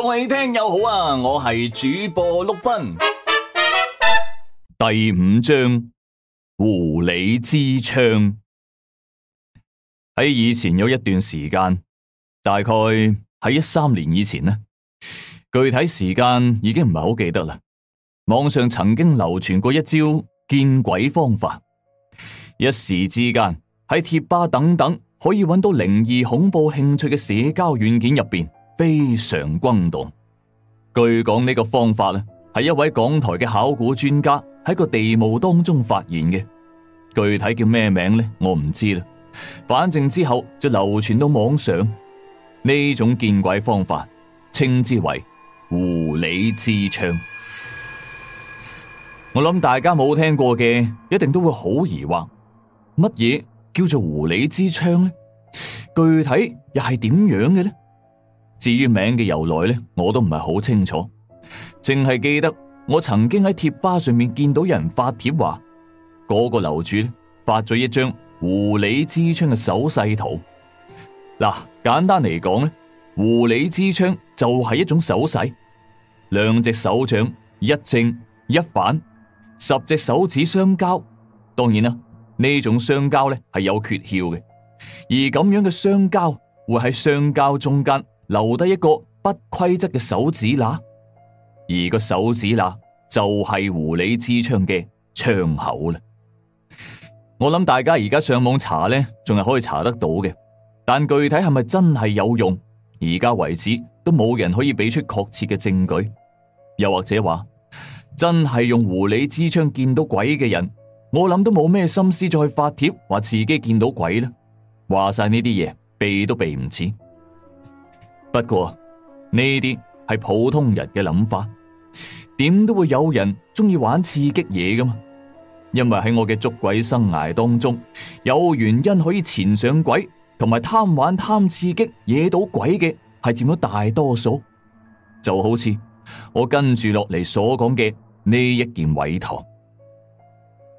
各位聽友好啊，我係主播祿芬。第五章狐狸之窗。喺以前有一段時間，大概喺一三年以前呢，具體時間已經唔係好記得啦。網上曾經流傳過一招見鬼方法，一時之間喺貼吧等等可以揾到靈異恐怖興趣嘅社交軟件入邊。非常轟動。據講呢個方法啊，係一位港台嘅考古專家喺個地墓當中發現嘅。具體叫咩名呢？我唔知啦。反正之後就流傳到網上。呢種見鬼方法，稱之為狐狸之窗。我諗大家冇聽過嘅，一定都會好疑惑。乜嘢叫做狐狸之窗呢？具體又係點樣嘅呢？至於名嘅由來咧，我都唔係好清楚，淨係記得我曾經喺貼吧上面見到有人發帖話，個個樓主發咗一張狐狸之窗嘅手勢圖。嗱，簡單嚟講咧，狐狸之窗就係一種手勢，兩隻手掌一正一反，十隻手指相交。當然啦，呢種相交咧係有訣竅嘅，而咁樣嘅相交會喺相交中間。留低一個不規則嘅手指罅，而個手指罅就係狐狸之窗嘅窗口啦。我諗大家而家上網查咧，仲係可以查得到嘅，但具體係咪真係有用？而家為止都冇人可以俾出確切嘅證據。又或者話真係用狐狸之窗見到鬼嘅人，我諗都冇咩心思再去發帖話自己見到鬼啦。話晒呢啲嘢，避都避唔切。不過呢啲係普通人嘅諗法，點都會有人中意玩刺激嘢噶嘛？因為喺我嘅捉鬼生涯當中，有原因可以纏上鬼，同埋貪玩貪刺激惹到鬼嘅，係佔咗大多數。就好似我跟住落嚟所講嘅呢一件委託，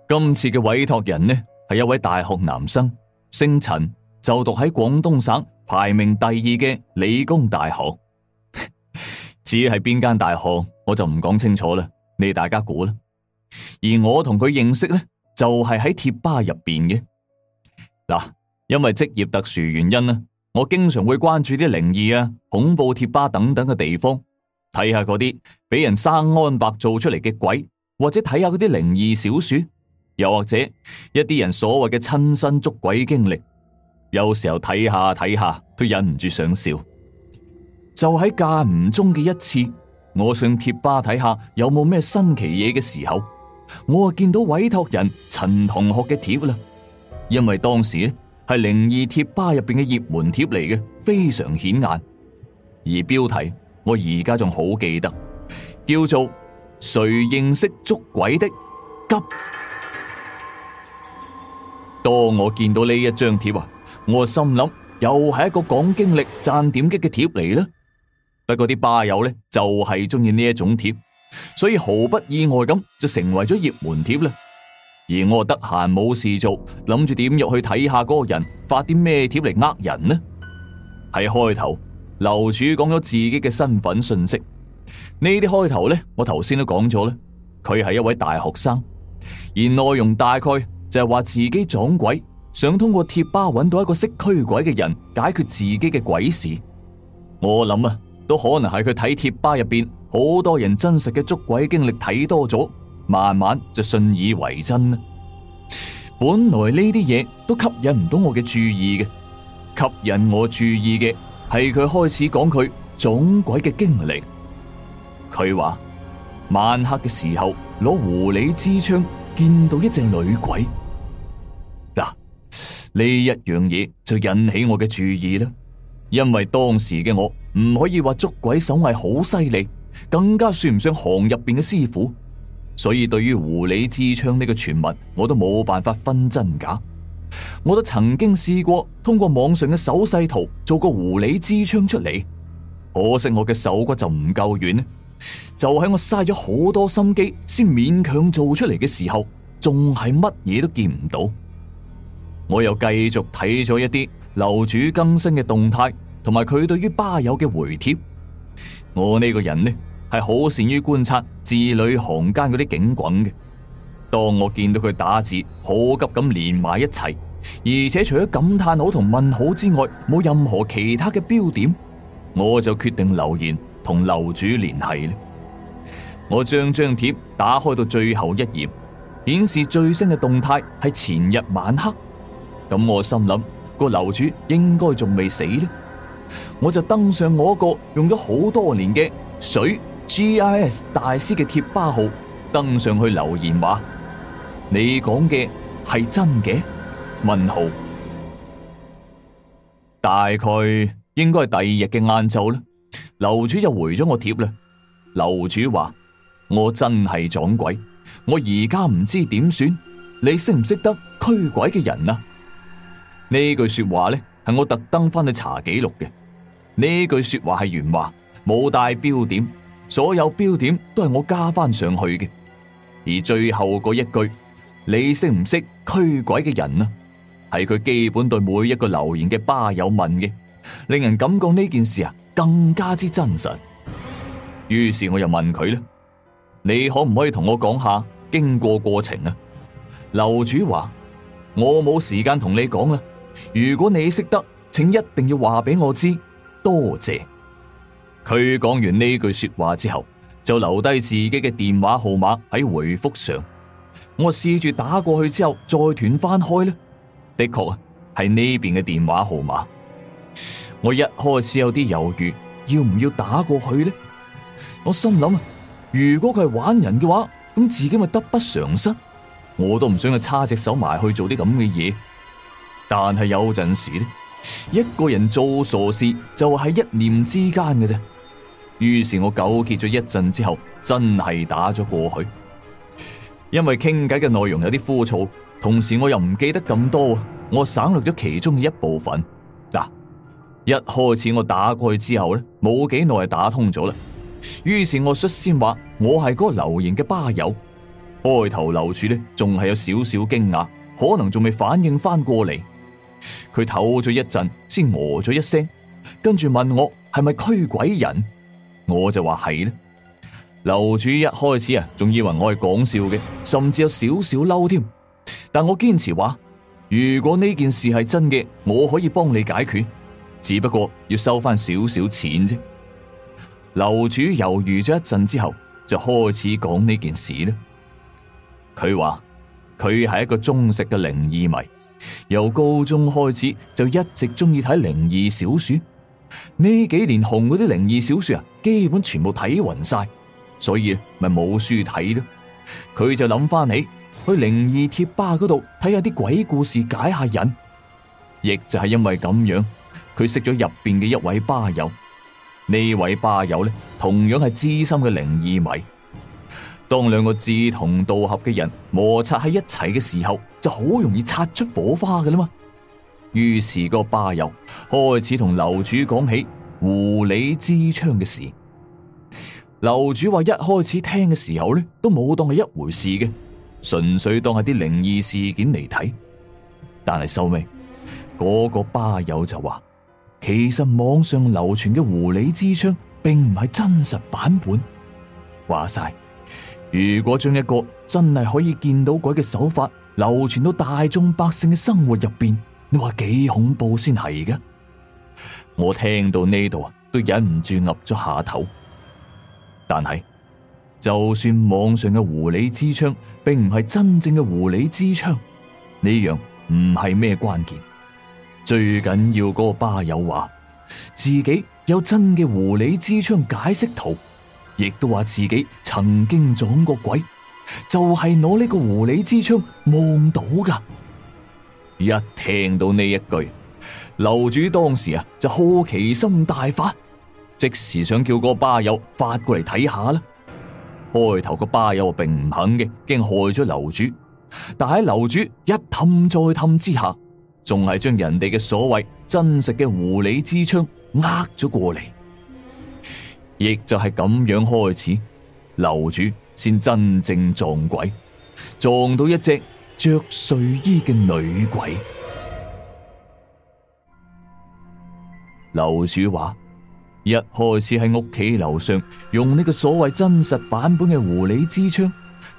今次嘅委託人呢係一位大學男生，姓陳，就讀喺廣東省。排名第二嘅理工大學， 至於係邊間大學，我就唔講清楚啦。你大家估啦。而我同佢認識咧，就係喺貼吧入邊嘅。嗱，因為職業特殊原因啦，我經常會關注啲靈異啊、恐怖貼吧等等嘅地方，睇下嗰啲俾人生安白做出嚟嘅鬼，或者睇下嗰啲靈異小說，又或者一啲人所謂嘅親身捉鬼經歷。有時候睇下睇下都忍唔住想笑，就喺間唔中嘅一次，我上貼吧睇下有冇咩新奇嘢嘅時候，我見到委託人陳同學嘅貼啦。因為當時呢係靈異貼吧入邊嘅熱門貼嚟嘅，非常顯眼，而標題我而家仲好記得，叫做誰認識捉鬼的急。當我見到呢一張貼啊，我心諗又係一個講經歷賺點擊嘅貼嚟啦，不過啲吧友呢，就係中意呢一種貼，所以毫不意外咁就成為咗熱門貼啦。而我得閒冇事做，諗住點入去睇下嗰個人發啲咩貼嚟呃人呢？喺開頭，樓主講咗自己嘅身份信息，呢啲開頭呢，我頭先都講咗啦，佢係一位大學生，而內容大概就係話自己撞鬼。想通過貼吧揾到一個識驅鬼嘅人解決自己嘅鬼事，我諗啊，都可能係佢睇貼吧入邊好多人真實嘅捉鬼經歷睇多咗，慢慢就信以為真啦。本來呢啲嘢都吸引唔到我嘅注意嘅，吸引我注意嘅係佢開始講佢撞鬼嘅經歷。佢話晚黑嘅時候攞狐狸之窗見到一隻女鬼。呢一樣嘢就引起我嘅注意啦，因為當時嘅我唔可以話捉鬼手藝好犀利，更加算唔上行入邊嘅師傅，所以對於狐狸之窗呢個傳聞，我都冇辦法分真假。我都曾經試過通過網上嘅手勢圖做個狐狸之窗出嚟，可惜我嘅手骨就唔夠軟，就喺我嘥咗好多心機先勉強做出嚟嘅時候，仲係乜嘢都見唔到。我又繼續睇咗一啲樓主更新嘅動態，同埋佢對於吧友嘅回帖。我呢個人呢係好善於觀察字裏行間嗰啲警滾嘅。當我見到佢打字好急咁連埋一齊，而且除咗感嘆號同問號之外，冇任何其他嘅標點，我就決定留言同樓主聯繫呢。我將張帖打開到最後一頁，顯示最新嘅動態係前日晚黑。咁我心諗個樓主應該仲未死咧，我就登上我一個用咗好多年嘅水 GIS 大師嘅貼吧號，登上去留言話：你講嘅係真嘅？問號大概應該係第二日嘅晏晝啦。樓主就回咗我貼啦。樓主話：我真係撞鬼，我而家唔知點算，你識唔識得驅鬼嘅人啊？呢句說話咧係我特登翻去查記錄嘅。呢句說話係原話，冇帶標點，所有標點都係我加翻上去嘅。而最後嗰一句，你識唔識驅鬼嘅人啊？係佢基本對每一個留言嘅吧友問嘅，令人感覺呢件事啊更加之真實。於是我又問佢咧：你可唔可以同我講下經過過程啊？樓主話：我冇時間同你講啦。如果你識得，請一定要話俾我知，多謝。佢講完呢句說話之後，就留低自己嘅電話號碼喺回覆上。我試住打過去之後，再斷翻開呢。的確啊，係呢邊嘅電話號碼。我一開始有啲猶豫，要唔要打過去呢？我心諗啊，如果佢係玩人嘅話，咁自己咪得不償失。我都唔想佢叉隻手埋去做啲咁嘅嘢。但係有陣時咧，一個人做傻事就係一念之間嘅啫。於是我糾結咗一陣之後，真係打咗過去。因為傾偈嘅內容有啲枯燥，同時我又唔記得咁多，我省略咗其中嘅一部分。嗱、啊，一開始我打過去之後咧，冇幾耐打通咗啦。於是我率先話我係嗰個留言嘅吧友。開頭樓主呢，仲係有少少驚訝，可能仲未反應翻過嚟。佢唞咗一陣，先哦咗一聲，跟住問我係咪驅鬼人，我就話係。呢，樓主一開始啊，仲以為我係講笑嘅，甚至有少少嬲添。但我堅持話，如果呢件事係真嘅，我可以幫你解決，只不過要收翻少少錢啫。樓主猶豫咗一陣之後，就開始講呢件事。呢，佢話佢係一個中式嘅靈異迷。由高中開始就一直中意睇靈異小說，呢幾年紅嗰啲靈異小說啊，基本全部睇勻晒，所以咪冇書睇咯。佢就諗翻起去靈異貼吧嗰度睇下啲鬼故事解下癮，亦就係因為咁樣，佢識咗入邊嘅一位吧友。呢位吧友呢，同樣係資深嘅靈異迷。當兩個志同道合嘅人摩擦喺一齊嘅時候。就好容易擦出火花嘅啦嘛，於是個吧友開始同樓主講起狐狸之窗嘅事。樓主話一開始聽嘅時候呢，都冇當係一回事嘅，純粹當係啲靈異事件嚟睇。但係收尾，嗰、那個吧友就話，其實網上流傳嘅狐狸之窗並唔係真實版本。話晒，如果將一個真係可以見到鬼嘅手法。流傳到大眾百姓嘅生活入邊，你話幾恐怖先係嘅？我聽到呢度啊，都忍唔住岌咗下頭。但係就算網上嘅狐狸之窗並唔係真正嘅狐狸之窗，呢樣唔係咩關鍵。最緊要嗰個吧友話自己有真嘅狐狸之窗解釋圖，亦都話自己曾經撞過鬼。就係攞呢個狐狸之窗望到噶，一聽到呢一句，樓主當時啊就好奇心大發，即時想叫個巴友發過嚟睇下啦。開頭個巴友並唔肯嘅，驚害咗樓主。但喺樓主一氹再氹之下，仲係將人哋嘅所謂真實嘅狐狸之窗呃咗過嚟，亦就係咁樣開始，樓主。先真正撞鬼，撞到一隻着睡衣嘅女鬼。樓主話：一開始喺屋企樓上，用呢個所謂真實版本嘅狐狸之窗，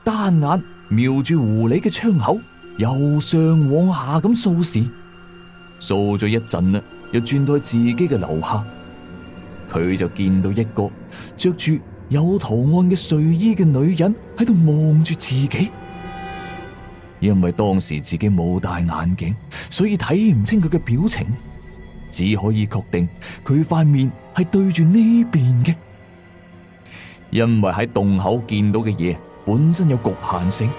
單眼瞄住狐狸嘅窗口，由上往下咁掃視掃咗一陣呢，又轉到自己嘅樓下，佢就見到一個着住。有圖案嘅睡衣嘅女人喺度望住自己，因為當時自己冇戴眼鏡，所以睇唔清佢嘅表情，只可以確定佢塊面係對住呢邊嘅。因為喺洞口見到嘅嘢本身有局限性，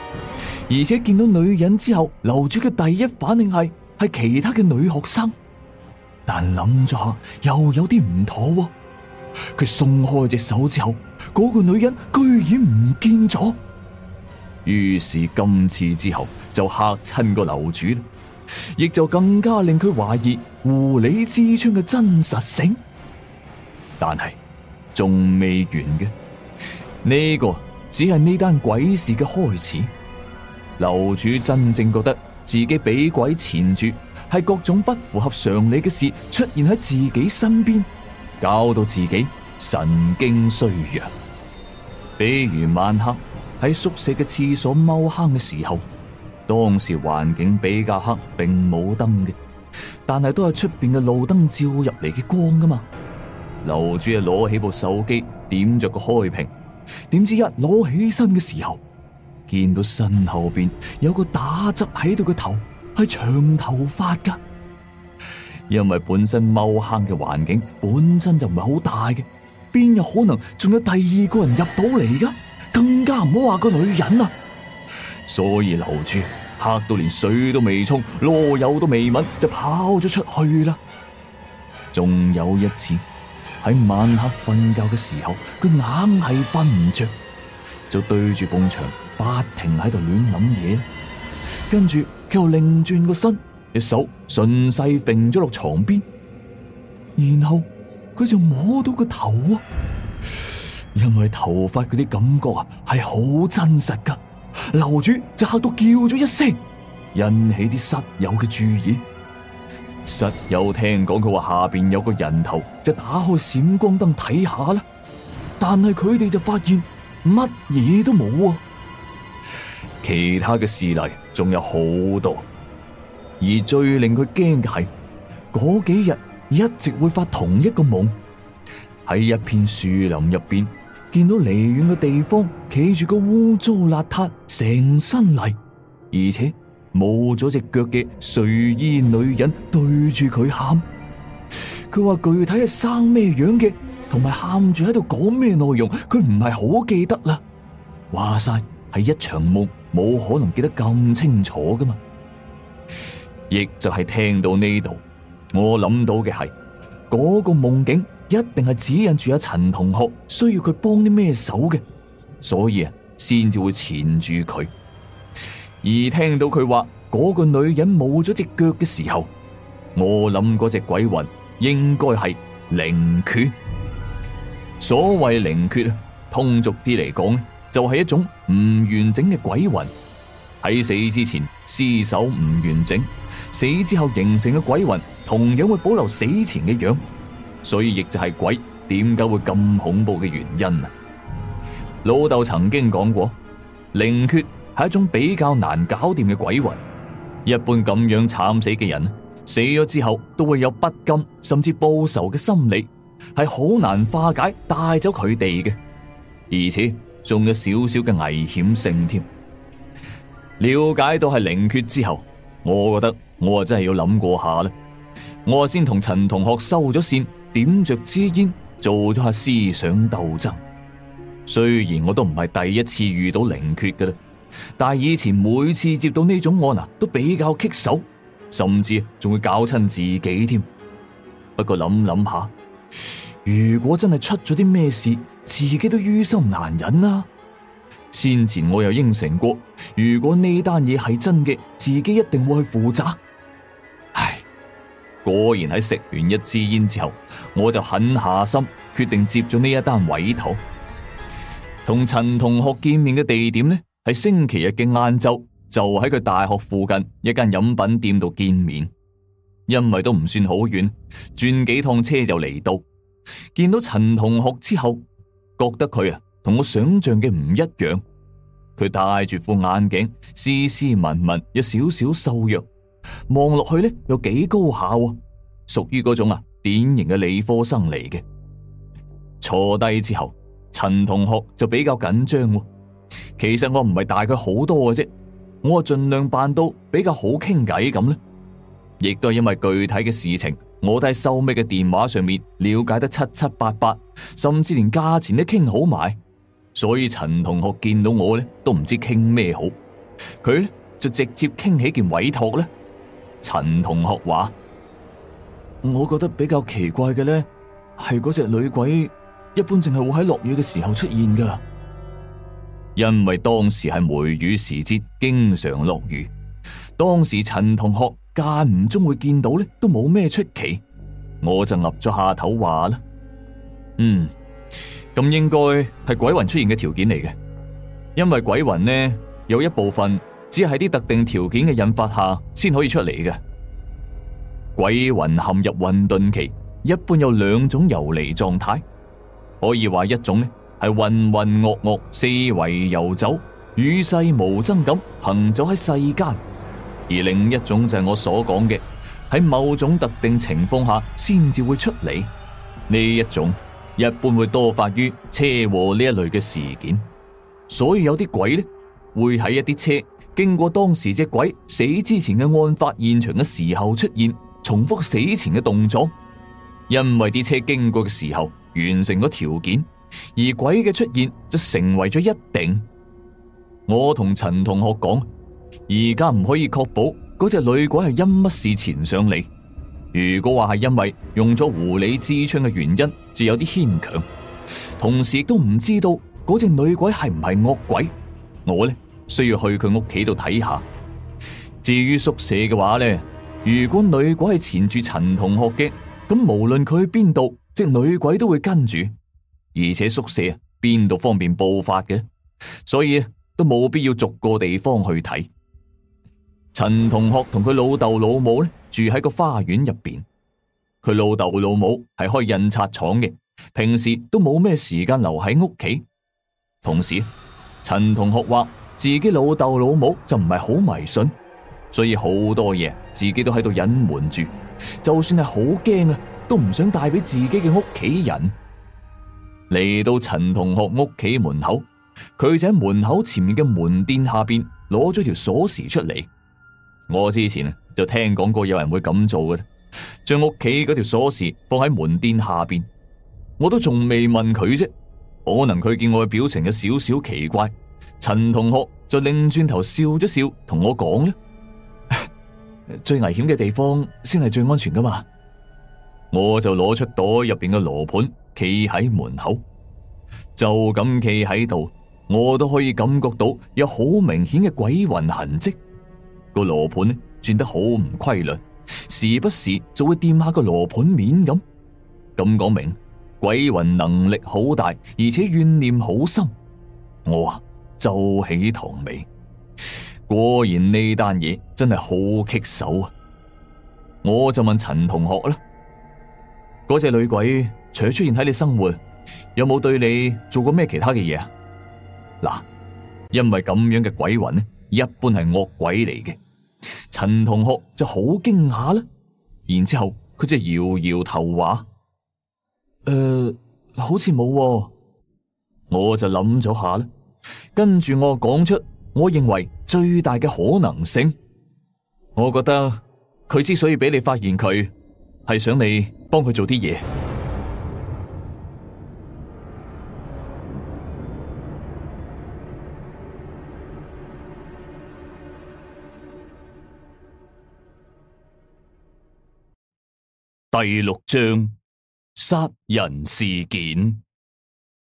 而且見到女人之後，樓主嘅第一反應係係其他嘅女學生，但諗咗下又有啲唔妥喎啊。佢鬆開隻手之後，嗰個女人居然唔見咗。於是今次之後就嚇親個樓主，亦就更加令佢懷疑狐狸之窗嘅真實性。但係仲未完嘅，呢個只係呢單鬼事嘅開始。樓主真正覺得自己俾鬼纏住，係各種不符合常理嘅事出現喺自己身邊。搞到自己神經衰弱，比如晚黑喺宿舍嘅廁所踎坑嘅時候，當時環境比較黑，並冇燈嘅，但係都係出邊嘅路燈照入嚟嘅光噶嘛。樓主啊，攞起部手機，點着個開屏，點知一攞起身嘅時候，見到身後邊有個打側喺度嘅頭，係長頭髮噶。因為本身踎坑嘅環境本身就唔係好大嘅，邊有可能仲有第二個人入到嚟噶？更加唔好話個女人啦、啊。所以樓主嚇到連水都未沖，羅柚都未吻，就跑咗出去啦。仲有一次喺晚黑瞓覺嘅時候，佢硬係瞓唔着，就對住埲牆不停喺度亂諗嘢。跟住佢又擰轉個身。一手順勢揈咗落床邊，然後佢就摸到個頭啊，因為頭髮嗰啲感覺啊係好真實噶。樓主就吓到叫咗一聲，引起啲室友嘅注意。室友聽講佢話下邊有個人頭，就打開閃光燈睇下啦。但係佢哋就發現乜嘢都冇啊。其他嘅事例仲有好多。而最令佢驚嘅係，嗰幾日一直會發同一個夢，喺一片樹林入邊見到離遠嘅地方企住個污糟邋遢、成身泥，而且冇咗隻腳嘅睡衣女人對住佢喊。佢話具體係生咩樣嘅，同埋喊住喺度講咩內容，佢唔係好記得啦。話晒係一場夢，冇可能記得咁清楚㗎嘛。亦就係聽到呢度，我諗到嘅係嗰個夢境一定係指引住阿陳同學需要佢幫啲咩手嘅，所以啊先至會纏住佢。而聽到佢話嗰個女人冇咗隻腳嘅時候，我諗嗰隻鬼魂應該係靈缺。所謂靈缺啊，通俗啲嚟講咧，就係、是、一種唔完整嘅鬼魂，喺死之前屍首唔完整。死之後形成嘅鬼魂同樣會保留死前嘅樣，所以亦就係鬼點解會咁恐怖嘅原因啊！老豆曾經講過，靈缺係一種比較難搞掂嘅鬼魂。一般咁樣慘死嘅人，死咗之後都會有不甘甚至報仇嘅心理，係好難化解帶走佢哋嘅，而且仲有少少嘅危險性添。了解到係靈缺之後。我覺得我啊真係要諗過下啦，我先同陳同學收咗線，點着支煙做咗下思想鬥爭。雖然我都唔係第一次遇到靈缺嘅啦，但係以前每次接到呢種案啊，都比較棘手，甚至仲會搞親自己添。不過諗諗下，如果真係出咗啲咩事，自己都於心難忍啊！先前我又應承過，如果呢單嘢係真嘅，自己一定會去負責。唉，果然喺食完一支煙之後，我就狠下心，決定接咗呢一單委託。同陳同學見面嘅地點呢，係星期日嘅晏晝，就喺佢大學附近一間飲品店度見面。因為都唔算好遠，轉幾趟車就嚟到。見到陳同學之後，覺得佢啊。同我想象嘅唔一樣，佢戴住副眼鏡，斯斯文文，有少少瘦弱，望落去咧有幾高下喎，屬於嗰種啊典型嘅理科生嚟嘅。坐低之後，陳同學就比較緊張喎。其實我唔係大佢好多嘅啫，我盡量扮到比較好傾偈咁咧。亦都係因為具體嘅事情，我都喺收尾嘅電話上面了解得七七八八，甚至連價錢都傾好埋。所以陳同學見到我咧，都唔知傾咩好，佢咧就直接傾起件委託咧。陳同學話：我覺得比較奇怪嘅咧，係嗰隻女鬼一般淨係會喺落雨嘅時候出現噶，因為當時係梅雨時節，經常落雨。當時陳同學間唔中會見到咧，都冇咩出奇。我就岌咗下頭話啦，嗯。咁應該係鬼魂出現嘅條件嚟嘅，因為鬼魂呢有一部分只係啲特定條件嘅引發下先可以出嚟嘅。鬼魂陷入混沌期，一般有兩種游離狀態，可以話一種呢係渾渾噩噩，四圍游走、與世無爭咁行走喺世間，而另一種就係我所講嘅喺某種特定情況下先至會出嚟呢一種。一般會多發於車禍呢一類嘅事件，所以有啲鬼呢會喺一啲車經過當時隻鬼死之前嘅案發現場嘅時候出現，重複死前嘅動作。因為啲車經過嘅時候完成咗條件，而鬼嘅出現就成為咗一定。我同陳同學講，而家唔可以確保嗰隻女鬼係因乜事纏上嚟。如果話係因為用咗狐狸之窗嘅原因，就有啲牽強。同時亦都唔知道嗰隻女鬼係唔係惡鬼。我咧需要去佢屋企度睇下。至於宿舍嘅話咧，如果女鬼係纏住陳同學嘅，咁無論佢去邊度，隻女鬼都會跟住。而且宿舍邊度方便爆發嘅，所以都冇必要逐個地方去睇。陳同學同佢老豆老母咧住喺個花園入邊，佢老豆老母係開印刷廠嘅，平時都冇咩時間留喺屋企。同時，陳同學話自己老豆老母就唔係好迷信，所以好多嘢自己都喺度隱瞞住，就算係好驚啊，都唔想帶俾自己嘅屋企人。嚟到陳同學屋企門口，佢就喺門口前面嘅門墊下邊攞咗條鎖匙出嚟。我之前就聽講過有人會咁做嘅，將屋企嗰條鎖匙放喺門墊下邊，我都仲未問佢啫。可能佢見我嘅表情有少少奇怪，陳同學就擰轉頭笑咗笑，同我講咧：最危險嘅地方先係最安全噶嘛。我就攞出袋入邊嘅羅盤，企喺門口，就咁企喺度，我都可以感覺到有好明顯嘅鬼魂痕跡。個羅盤呢，轉得好唔規律，時不時就會掂下個羅盤面咁，咁講明鬼魂能力好大，而且怨念好深。我啊就起堂尾，果然呢單嘢真係好棘手啊！我就問陳同學啦，嗰隻女鬼除咗出現喺你生活，有冇對你做過咩其他嘅嘢啊？嗱，因為咁樣嘅鬼魂呢？一般係惡鬼嚟嘅，陳同學就好驚訝啦。然之後佢就搖搖頭話，誒、呃，好似冇，啊。我就諗咗下啦,跟住我講出我認為最大嘅可能性。我覺得佢之所以俾你發現佢，係想你幫佢做啲嘢。第六章殺人事件，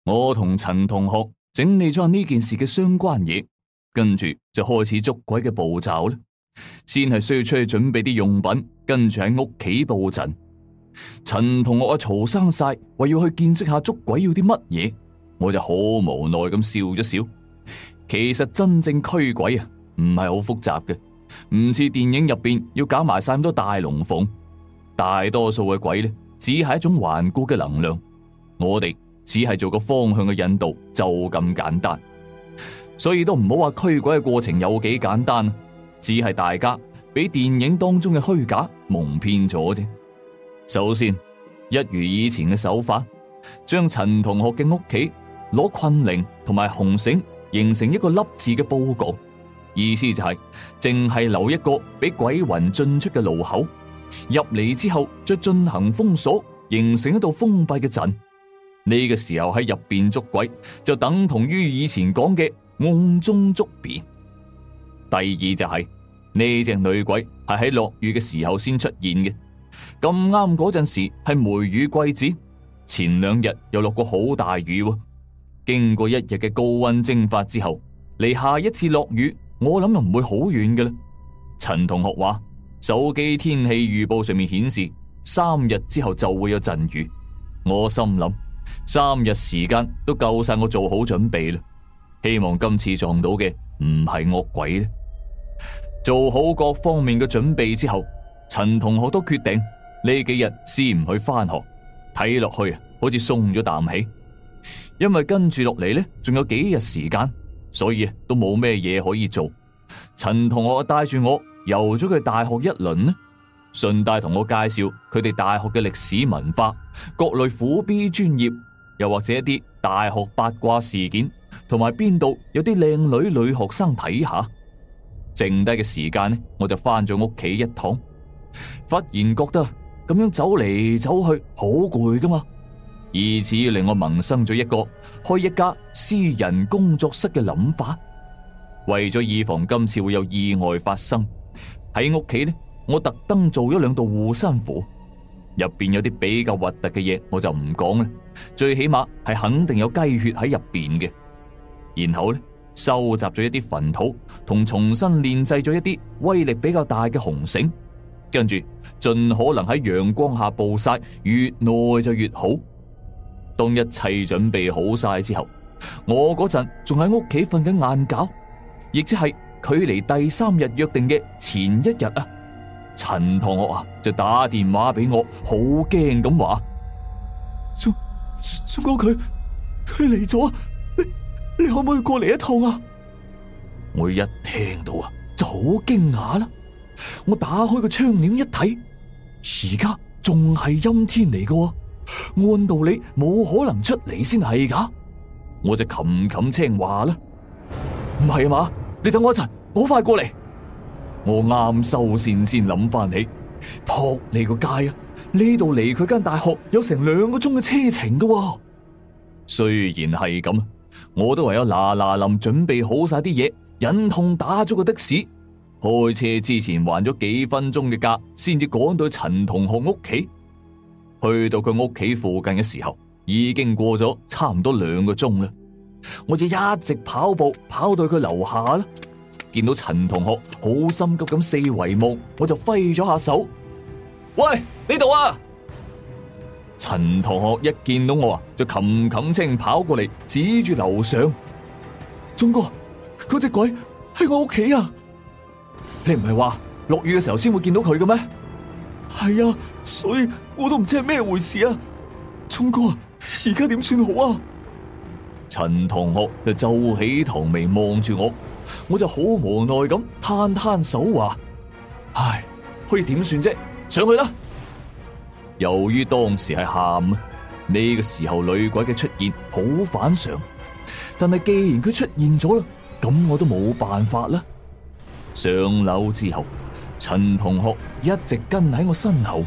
我同陳同學整理咗下呢件事嘅相關嘢，跟住就開始捉鬼嘅步驟啦。先係需要出去準備啲用品，跟住喺屋企布陣。陳同學啊，嘈生晒，話要去見識下捉鬼要啲乜嘢，我就好無奈咁笑咗笑。其實真正驅鬼啊，唔係好複雜嘅，唔似電影入邊要搞埋晒咁多大龍鳳。大多數嘅鬼咧，只係一種頑固嘅能量，我哋只係做個方向嘅引導，就咁簡單。所以都唔好話驅鬼嘅過程有幾簡單啊，只係大家俾電影當中嘅虛假蒙騙咗啫。首先，一如以前嘅手法，將陳同學嘅屋企攞困靈同埋紅繩，形成一個粒字嘅佈局，意思就係淨係留一個俾鬼魂進出嘅路口。入嚟之後再進行封鎖，形成一道封閉嘅陣。呢、這個時候喺入邊捉鬼，就等同於以前講嘅甕中捉鱉。第二就係呢隻女鬼係喺落雨嘅時候先出現嘅。咁啱嗰陣時係梅雨季節，前兩日又落過好大雨。經過一日嘅高溫蒸發之後，離下一次落雨，我諗又唔會好遠嘅啦。陳同學話。手機天氣預報上面顯示，三日之後就會有陣雨。我心諗，三日時間都夠曬我做好準備啦。希望今次撞到嘅唔係惡鬼咧。做好各方面嘅準備之後，陳同學都決定呢幾日先唔去返學。睇落去啊，好似鬆咗啖氣，因為跟住落嚟呢，仲有幾日時間，所以都冇咩嘢可以做。陳同學帶住我。遊咗佢大學一輪呢，順帶同我介紹佢哋大學嘅歷史文化、各類苦逼專業，又或者一啲大學八卦事件，同埋邊度有啲靚女女學生睇下。剩低嘅時間呢，我就翻咗屋企一趟，忽然覺得咁樣走嚟走去好攰噶嘛，以此令我萌生咗一個開一家私人工作室嘅諗法。為咗預防今次會有意外發生。喺屋企咧，我特登做咗兩道護身符，入邊有啲比較核突嘅嘢，我就唔講啦。最起碼係肯定有雞血喺入邊嘅。然後咧，收集咗一啲墳土，同重新煉製咗一啲威力比較大嘅紅繩，跟住盡可能喺陽光下暴曬，越耐就越好。當一切準備好晒之後，我嗰陣仲喺屋企瞓緊晏覺，亦即係。距離第三日約定嘅前一日啊，陳同學啊就打電話俾我，好驚咁話：，松松哥佢佢嚟咗，你你可唔可以過嚟一趟啊？我一聽到啊，就好驚訝啦！我打開個窗簾一睇，而家仲係陰天嚟噶，按道理冇可能出嚟先係噶，我就擒擒青話啦，唔係嘛？你等我一陣，我快過嚟。我啱收線先諗翻起，扑你個街啊！呢度離佢間大學有成兩個鐘嘅車程噶喎。雖然係咁，我都唯有嗱嗱臨準備好晒啲嘢，忍痛打咗個的士，開車之前還咗幾分鐘嘅假，先至趕到陳同學屋企。去到佢屋企附近嘅時候，已經過咗差唔多兩個鐘啦。我就一直跑步，跑到佢樓下啦。見到陳同學好心急咁四圍望，我就揮咗下手。喂，呢度啊！陳同學一見到我，琴琴琴我啊，就冚冚清跑過嚟，指住樓上。鍾哥，嗰隻鬼喺我屋企啊！你唔係話落雨嘅時候先會見到佢嘅咩？係啊，所以我都唔知係咩回事啊！鍾哥，而家點算好啊？陳同學就皺起頭眉望住我，我就好無奈咁攤攤手話：唉，可以點算啫？上去啦！由於當時係下午，呢個時候女鬼嘅出現好反常，但係既然佢出現咗啦，咁我都冇辦法啦。上樓之後，陳同學一直跟喺我身後，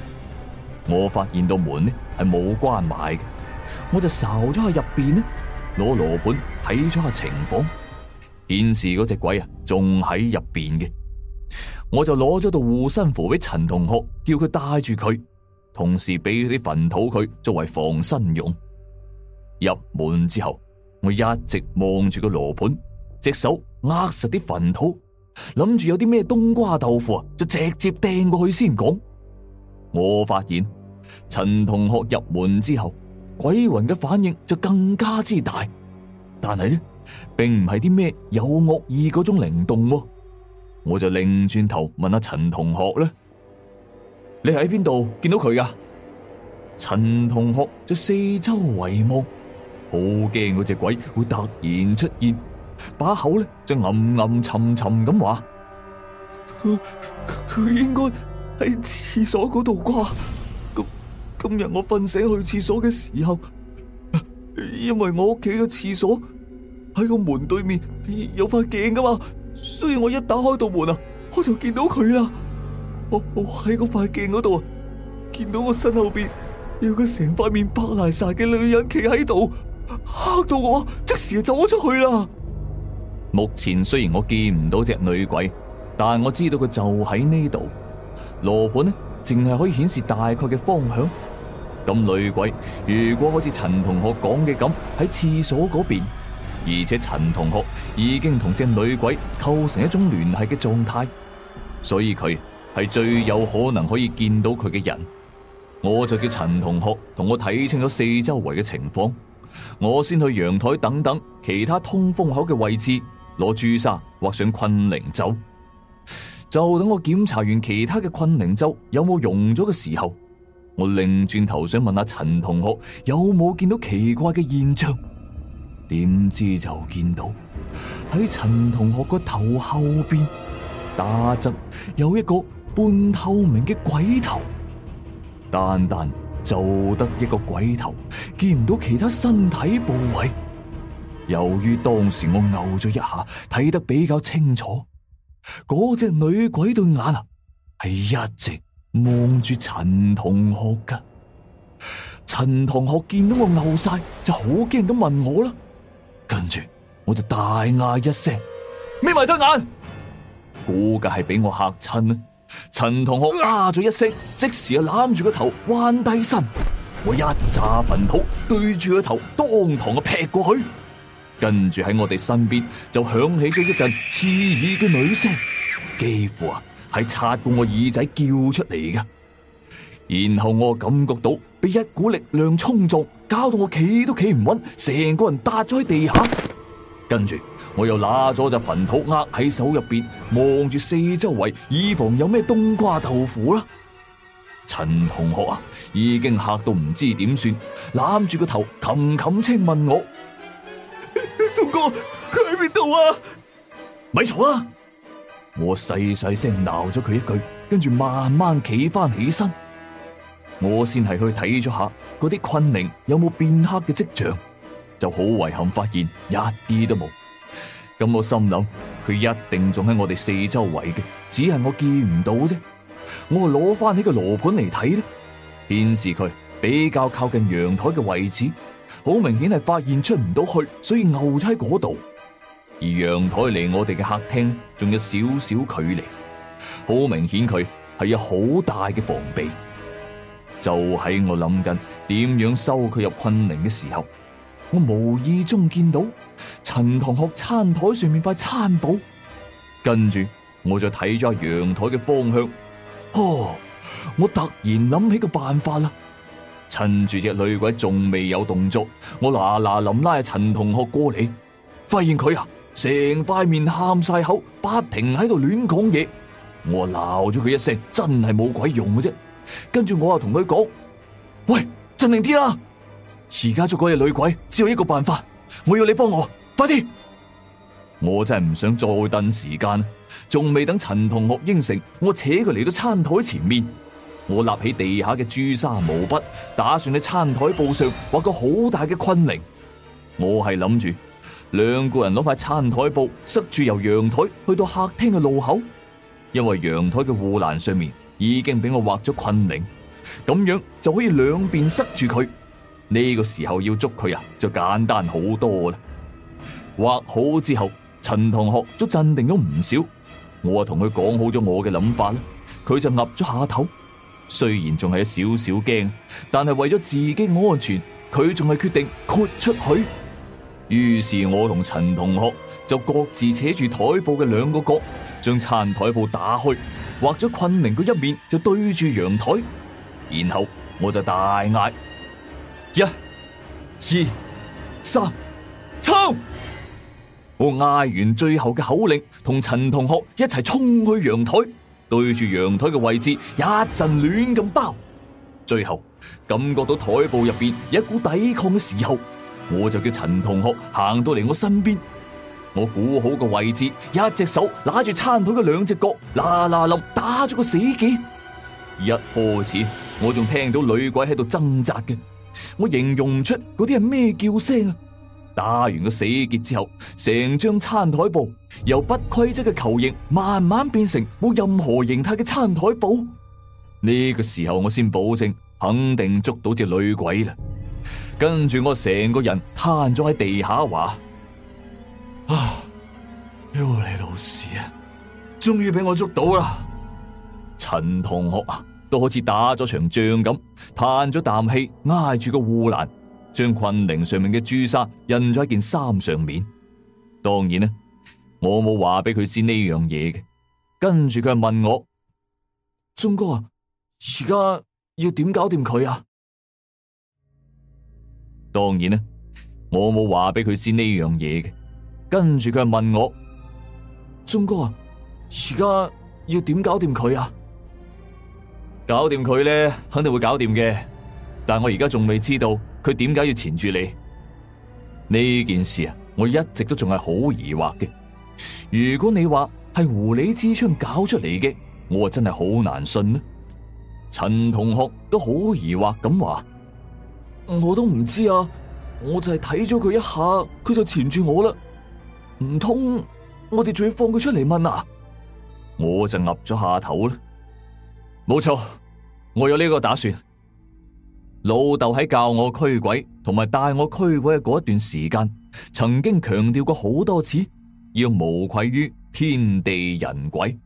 我發現到門呢係冇關埋嘅，我就搜咗喺入邊呢。攞羅盤睇咗下情況，顯示嗰隻鬼啊仲喺入邊嘅，我就攞咗套護身符俾陳同學，叫佢帶住佢，同時俾啲墳土佢作為防身用。入門之後，我一直望住個羅盤，隻手握實啲墳土，諗住有啲咩冬瓜豆腐啊，就直接掟過去先講。我發現陳同學入門之後。鬼魂嘅反應就更加之大，但係咧並唔係啲咩有惡意嗰種靈動，啊，我就擰轉頭問下陳同學咧：你喺邊度見到佢噶，啊？陳同學就四周圍望，好驚嗰隻鬼會突然出現，把口咧就暗暗沉沉咁話：佢應該喺廁所嗰度啩。.今日我瞓醒去廁所嘅時候，因為我屋企嘅廁所喺個門對面有塊鏡噶嘛，所以我一打開道門啊，我就見到佢啦！我我喺嗰塊鏡嗰度見到我身後邊有個成塊面白賴晒嘅女人企喺度，嚇到我即時就走咗出去啦。目前雖然我見唔到隻女鬼，但我知道佢就喺呢度。羅盤呢，淨係可以顯示大概嘅方向。咁女鬼如果好似陳同學講嘅咁喺廁所嗰邊，而且陳同學已經同隻女鬼構成一種聯繫嘅狀態，所以佢係最有可能可以見到佢嘅人。我就叫陳同學同我睇清咗四周圍嘅情況，我先去陽台等等其他通風口嘅位置攞朱砂畫上困靈咒，就等我檢查完其他嘅困靈咒有冇溶咗嘅時候。我擰轉頭想問下陳同學有冇見到奇怪嘅現象，點知就見到喺陳同學個頭後邊打側有一個半透明嘅鬼頭，單單就得一個鬼頭，見唔到其他身體部位。由於當時我嘔咗一下，睇得比較清楚，嗰隻女鬼對眼啊係一直。望住陳同學噶，陳同學見到我怒晒，就好驚咁問我啦。跟住我就大嗌一聲，眯埋對眼！估計係俾我吓親啦。陳同學啊咗一聲，即時啊攬住個頭，彎低身。我一揸墳土對住個頭，當堂啊劈過去。跟住喺我哋身邊就響起咗一陣刺耳嘅女聲，幾乎啊！係擦過我耳仔叫出嚟噶，然後我感覺到被一股力量衝撞，搞到我企都企唔穩，成個人搭咗喺地下。跟住我又拿咗隻墳土握喺手入邊，望住四周圍，以防有咩冬瓜豆腐啦。陳同學啊，已經嚇到唔知點算，攬住個頭，冚冚聲問我： 宋哥，佢喺邊度啊？咪嘈啊！」我細細聲鬧咗佢一句，跟住慢慢企翻起身，我先係去睇咗下嗰啲困靈有冇變黑嘅跡象，就好遺憾發現一啲都冇。咁我心諗佢一定仲喺我哋四周圍嘅，只係我見唔到啫。我攞翻起個羅盤嚟睇呢，顯示佢比較靠近陽台嘅位置，好明顯係發現出唔到去，所以牛喺嗰度。而陽台離我哋嘅客廳仲有少少距離，好明顯佢係有好大嘅防備。就喺我諗緊點樣收佢入困靈嘅時候，我無意中見到陳同學餐台上面塊餐布，跟住我就睇咗下陽台嘅方向，呵、哦，我突然諗起個辦法啦。趁住隻女鬼仲未有動作，我嗱嗱林拉阿陳同學過嚟，發現佢啊！成塊面喊晒口，不停喺度亂講嘢，我鬧咗佢一聲，真係冇鬼用嘅啫。跟住我又同佢講：喂，鎮定啲啦，啊！而家做嗰隻女鬼，只有一個辦法，我要你幫我，快啲！我真係唔想再等時間，仲未等陳同學應承，我扯佢嚟到餐枱前面，我立起地下嘅朱砂毛筆，打算喺餐枱布上畫個好大嘅坤鈴。我係諗住。兩個人攞塊餐台布塞住由陽台去到客廳嘅路口，因為陽台嘅護欄上面已經俾我畫咗困靈，咁樣就可以兩邊塞住佢。呢個時候要捉佢啊，就簡單好多啦。畫好之後，陳同學都鎮定咗唔少。我啊同佢講好咗我嘅諗法啦，佢就岌咗下頭。雖然仲係有少少驚，但係為咗自己安全，佢仲係決定豁出去。於是我同陳同學就各自扯住台布嘅兩個角，將餐台布打開，畫咗困明嗰一面就對住陽台，然後我就大嗌：一、二、三，衝！ 我嗌完最後嘅口令，同陳同學一齊衝去陽台，對住陽台嘅位置一陣亂咁包，最後感覺到台布入邊有一股抵抗嘅時候。我就叫陳同學行到嚟我身邊，我估好個位置，一隻手拉住餐台嘅兩隻角，啦啦冧打咗個死結。一開始我仲聽到女鬼喺度掙扎嘅，我形容唔出嗰啲係咩叫聲啊！打完個死結之後，成張餐台布由不規則嘅球形慢慢變成冇任何形態嘅餐台布。呢個時候我先保證肯定捉到隻女鬼啦。跟住我成個人癱咗喺地下話：啊，屌你老屎啊！終於俾我捉到啦！陳同學啊，都好似打咗場仗咁，嘆咗啖氣，挨住個護欄，將困靈上面嘅朱砂印咗喺件衫上面。當然啦，我冇話俾佢知呢樣嘢嘅。跟住佢就問我：鐘哥，而家要點搞掂佢啊？當然啦，我冇話俾佢知呢樣嘢嘅。跟住佢係問我：鐘哥啊，而家要點搞掂佢啊？搞掂佢咧，肯定會搞掂嘅。但我而家仲未知道佢點解要纏住你呢件事啊！我一直都仲係好疑惑嘅。如果你話係狐狸之窗搞出嚟嘅，我真係好難信啦。陳同學都好疑惑咁話。我都唔知啊，我就係睇咗佢一下，佢就纏住我啦。唔通我哋仲要放佢出嚟問啊？我就岌咗下頭啦。冇錯，我有呢個打算。老豆喺教我驅鬼同埋帶我驅鬼嘅嗰一段時間，曾經強調過好多次，要無愧於天地人鬼。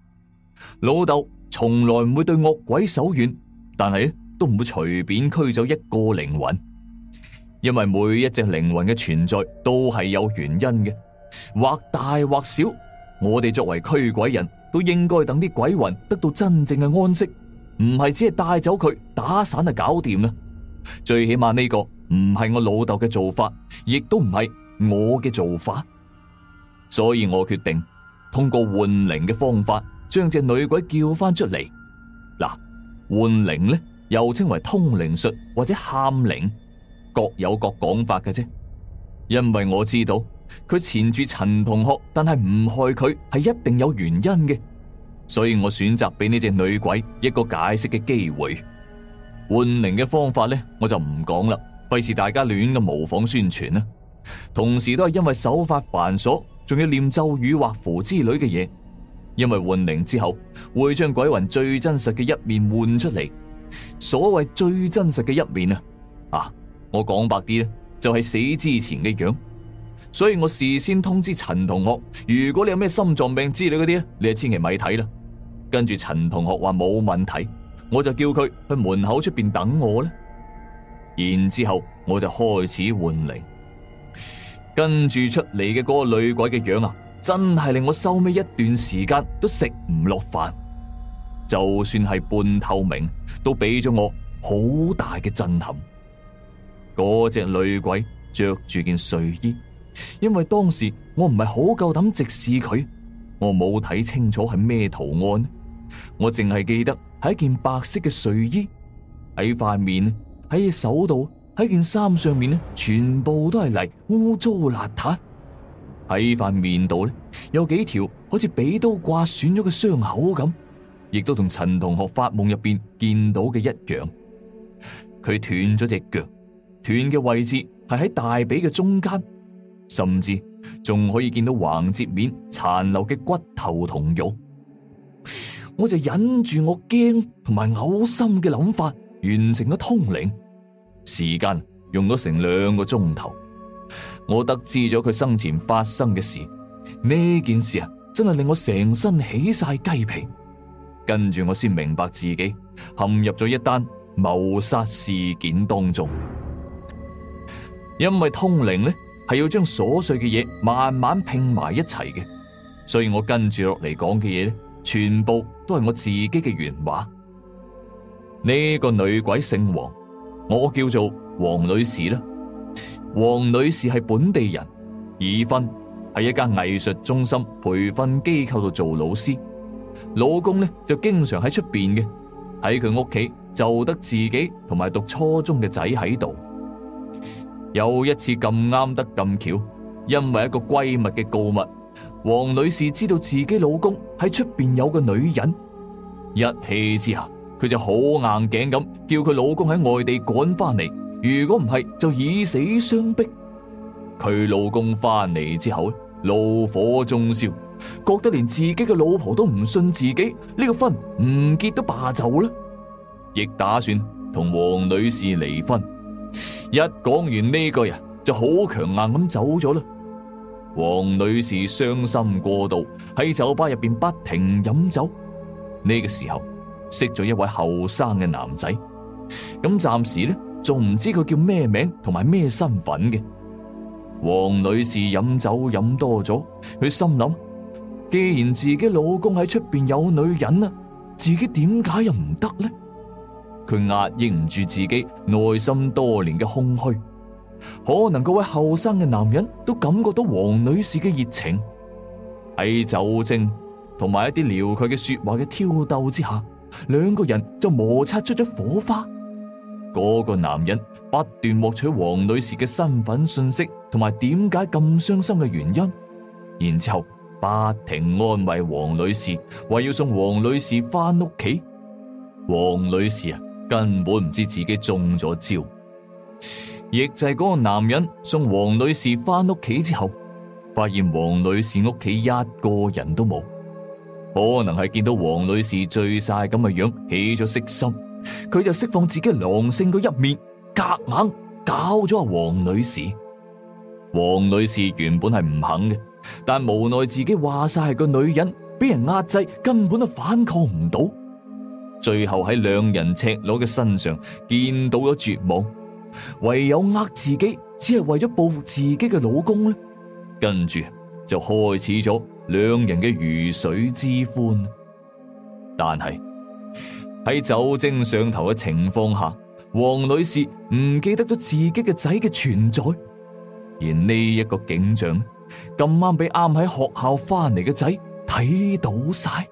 老豆從來唔會對惡鬼手軟，但係都唔會隨便驅走一個靈魂。因為每一隻靈魂嘅存在都係有原因嘅，或大或小，我哋作為驅鬼人都應該等啲鬼魂得到真正嘅安息，唔係只係帶走佢打散就搞掂啦。最起碼呢個唔係我老豆嘅做法，亦都唔係我嘅做法，所以我決定通過喚靈嘅方法將隻女鬼叫翻出嚟。嗱，喚靈咧又稱為通靈術或者喊靈。各有各講法嘅啫，因為我知道佢纏住陳同學，但係唔害佢係一定有原因嘅，所以我選擇俾呢隻女鬼一個解釋嘅機會。換靈嘅方法咧，我就唔講啦，費事大家亂咁模仿宣傳啦。同時都係因為手法繁瑣，仲要念咒語畫符之類嘅嘢。因為換靈之後會將鬼魂最真實嘅一面換出嚟。所謂最真實嘅一面啊，啊！我講白啲咧，就係死之前嘅樣，所以我事先通知陳同學，如果你有咩心臟病之類嗰啲咧，你就千祈咪睇啦。跟住陳同學話冇問題，我就叫佢去門口出邊等我咧。然之後我就開始換靈。跟住出嚟嘅嗰個女鬼嘅樣啊，真係令我收尾一段時間都食唔落飯，就算係半透明，都俾咗我好大嘅震撼。嗰隻女鬼着住件睡衣，因為當時我唔係好夠膽直視佢，我冇睇清楚係咩圖案。我淨係記得係一件白色嘅睡衣，喺塊面、喺手度、喺件衫上面咧，全部都係泥污糟邋遢。喺塊面度咧，有幾條好似俾刀刮損咗嘅傷口咁，亦都同陳同學發夢入邊見到嘅一樣。佢斷咗隻腳。斷嘅位置係喺大髀嘅中間，甚至仲可以見到橫截面殘留嘅骨頭同肉。我就忍住我驚同埋嘔心嘅諗法，完成咗通靈。時間用咗成兩個鐘頭，我得知咗佢生前發生嘅事。呢件事呀，真係令我成身起晒雞皮。跟住我先明白自己陷入咗一單謀殺事件當中。因為通靈咧，係要將瑣碎嘅嘢慢慢拼埋一齊嘅，所以我跟住落嚟講嘅嘢咧，全部都係我自己嘅原話。呢個女鬼姓黃，我叫做黃女士啦。黃女士係本地人，已婚，喺一間藝術中心培訓機構度做老師。老公咧就經常喺出邊嘅，喺佢屋企就得自己同埋讀初中嘅仔喺度。有一次咁啱得咁巧，因為一個閨蜜嘅告密，黃女士知道自己老公喺出邊有個女人，一氣之下佢就好硬頸咁叫佢老公喺外地趕翻嚟，如果唔係就以死相逼。佢老公翻嚟之後，怒火中燒，覺得連自己嘅老婆都唔信自己，呢個婚唔結都罷就啦，亦打算同黃女士離婚。一講完呢個人，就好強硬咁走咗啦。黃女士傷心過度，喺酒吧入邊不停飲酒。呢個時候識咗一位後生嘅男仔，咁暫時呢，仲唔知佢叫咩名同埋咩身份嘅。黃女士飲酒飲多咗，佢心諗：既然自己老公喺出邊有女人啦，自己點解又唔得呢？佢壓抑唔住自己內心多年嘅空虛，可能嗰位後生嘅男人都感覺到黃女士嘅熱情，喺酒精同埋一啲撩佢嘅說話嘅挑逗之下，兩個人就摩擦出咗火花。嗰個男人不斷獲取黃女士嘅身份信息同埋點解咁傷心嘅原因，然之後不停安慰黃女士，話要送黃女士返屋企。黃女士啊！根本唔知自己中咗招，亦就係嗰個男人送黃女士翻屋企之後，發現黃女士屋企一個人都冇，可能係見到黃女士醉晒咁嘅樣，起咗色心，佢就釋放自己狼性嘅一面，夾硬搞咗阿黃女士。黃女士原本係唔肯嘅，但無奈自己話晒係個女人，俾人壓制，根本都反抗唔到。最後喺兩人赤裸嘅身上見到咗絕望，唯有呃自己，只係為咗報復自己嘅老公咧。跟住就開始咗兩人嘅魚水之歡。但係喺酒精上頭嘅情況下，黃女士唔記得咗自己嘅仔嘅存在，而呢一個景象，咁啱俾啱喺學校翻嚟嘅仔睇到晒。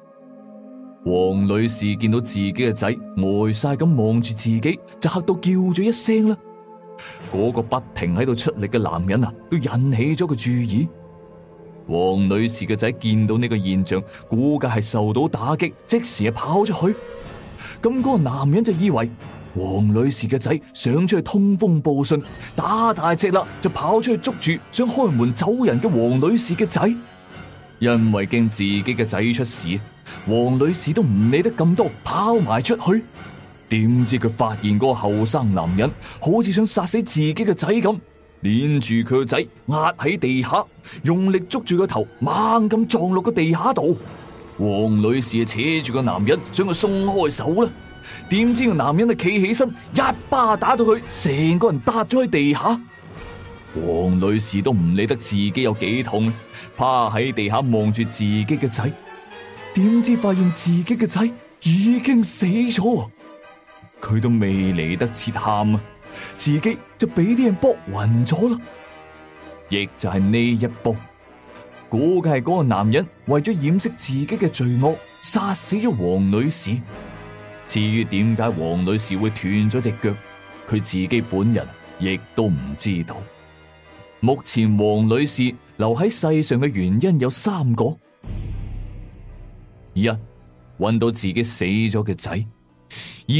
黃女士見到自己嘅仔呆晒咁望住自己，就嚇到叫咗一聲啦。嗰、那個不停喺度出力嘅男人啊，都引起咗個注意。黃女士嘅仔見到呢個現象，估計係受到打擊，即時係跑出去。咁、那、嗰個男人就以為黃女士嘅仔想出去通風報信，打大隻啦，就跑出去捉住想開門走人嘅黃女士嘅仔，因為驚自己嘅仔出事。黃女士都唔理得咁多，跑埋出去。點知佢發現個後生男人好似想殺死自己嘅仔咁，連住佢個仔壓喺地下，用力捉住個頭，猛咁撞落個地下度。黃女士啊，扯住個男人想佢鬆開手啦。點知個男人就企起身一巴打到佢，成個人撻咗喺地下。黃女士都唔理得自己有幾痛，趴喺地下望住自己嘅仔。點知發現自己嘅仔已經死咗，佢都未嚟得切喊啊！自己就俾啲人剝暈咗啦。亦就係呢一步，估計係嗰個男人為咗掩飾自己嘅罪惡，殺死咗黃女士。至於點解黃女士會斷咗隻腳，佢自己本人亦都唔知道。目前黃女士留喺世上嘅原因有三個。一，搵到自己死咗嘅仔；二，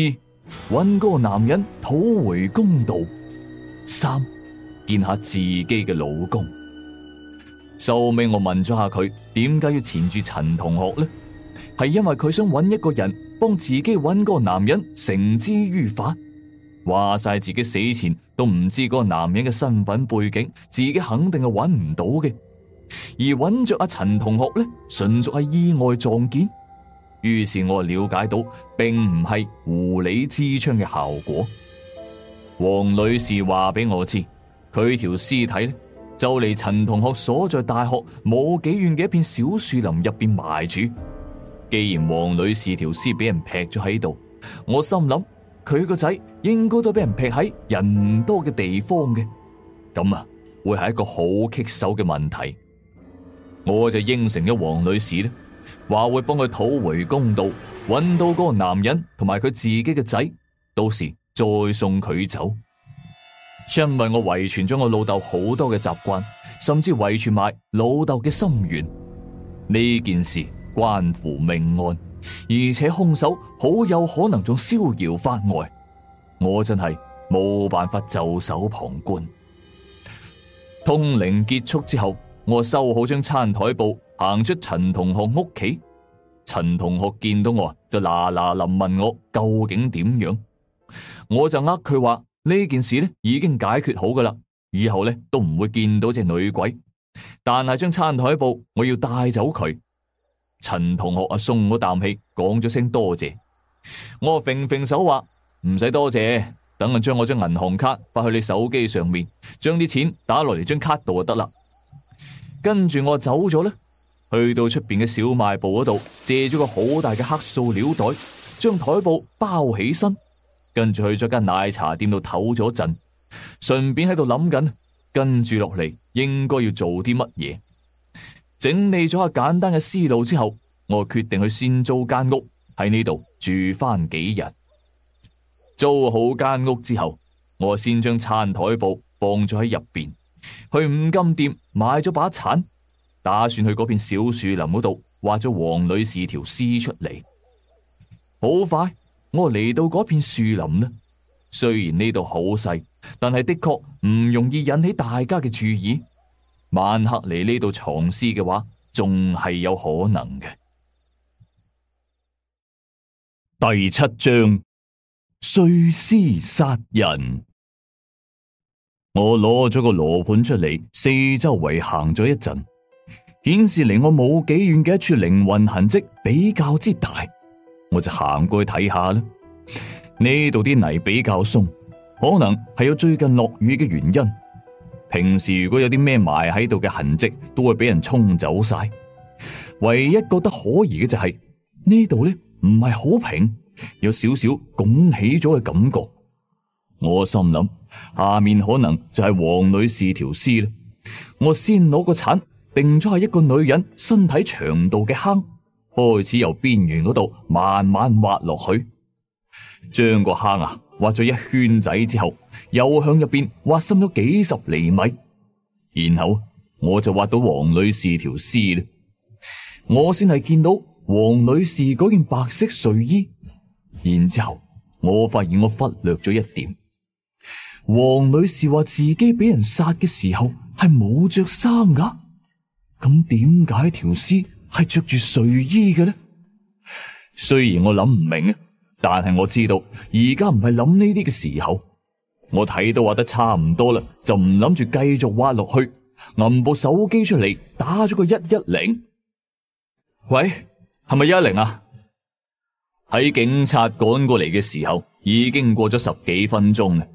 搵嗰個男人討回公道；三，見下自己嘅老公。收尾我問咗下佢，點解要纏住陳同學呢？係因為佢想搵一個人幫自己搵嗰個男人，繩之於法。話晒自己死前都唔知嗰個男人嘅身份背景，自己肯定係搵唔到嘅。而揾着阿陳同學咧，純屬係意外撞見。於是我了解到，並唔係狐狸之窗嘅效果。黃女士話俾我知，佢條屍體呢就嚟陳同學所在大學冇幾遠嘅一片小樹林入邊埋住。既然黃女士條屍俾人劈咗喺度，我心諗佢個仔應該都俾人劈喺人多嘅地方嘅。咁啊，會係一個好棘手嘅問題。我就應承咗黃女士咧，話會幫佢討回公道，揾到嗰個男人同埋佢自己嘅仔，到時再送佢走。因為我遺傳咗我老豆好多嘅習慣，甚至遺傳埋老豆嘅心願。呢件事關乎命案，而且兇手好有可能仲逍遙法外，我真係冇辦法袖手旁觀。通靈結束之後。我收好張餐台布，行出陳同學屋企。陳同學見到我就嗱嗱臨問我究竟點樣，我就呃佢話呢件事咧，已經解決好噶啦，以後咧都唔會見到隻女鬼。但係張餐台布我要帶走佢。陳同學啊，鬆咗啖氣，講咗聲多謝。我揈揈手話唔使多謝，等我將我張銀行卡發去你手機上面，將啲錢打落嚟張卡度就得啦。跟住我走咗咧，去到出邊嘅小賣部嗰度借咗個好大嘅黑塑料袋，將台布包起身，跟住去咗間奶茶店度唞咗陣，順便喺度諗緊，跟住落嚟應該要做啲乜嘢。整理咗下簡單嘅思路之後，我決定去先租間屋喺呢度住返幾日。租好間屋之後，我先將餐台布放咗喺入邊。去五金店買咗把鏟，打算去嗰片小樹林嗰度挖咗黃女士條屍出嚟。好快，我嚟到嗰片樹林啦。雖然呢度好細，但係的確唔容易引起大家嘅注意。晚黑嚟呢度藏屍嘅話，仲係有可能嘅。第七章：碎屍殺人。我攞咗個羅盤出嚟，四周圍行咗一陣，顯示離我冇幾遠嘅一處靈魂痕跡比較之大，我就行過去睇下啦。呢度啲泥比較鬆，可能係有最近落雨嘅原因。平時如果有啲咩埋喺度嘅痕跡，都會俾人沖走晒。唯一覺得可疑嘅就係呢度咧，唔係好平，有少少拱起咗嘅感覺。我心諗，下面可能就係黃女士條屍啦。我先攞個鏟定咗係一個女人身體長度嘅坑，開始由邊緣嗰度慢慢挖落去，將個坑啊挖咗一圈仔之後，又向入邊挖深咗幾十厘米，然後我就挖到黃女士條屍啦。我先係見到黃女士嗰件白色睡衣，然之後我發現我忽略咗一點。黃女士話自己俾人殺嘅時候係冇着衫噶咁點解條屍係着住睡衣嘅呢？雖然我諗唔明啊，但係我知道而家唔係諗呢啲嘅時候。我睇到挖得差唔多啦，就唔諗住繼續挖落去，揞部手機出嚟打咗個一一零。喂，係咪一一零啊？喺警察趕過嚟嘅時候，已經過咗十幾分鐘啦。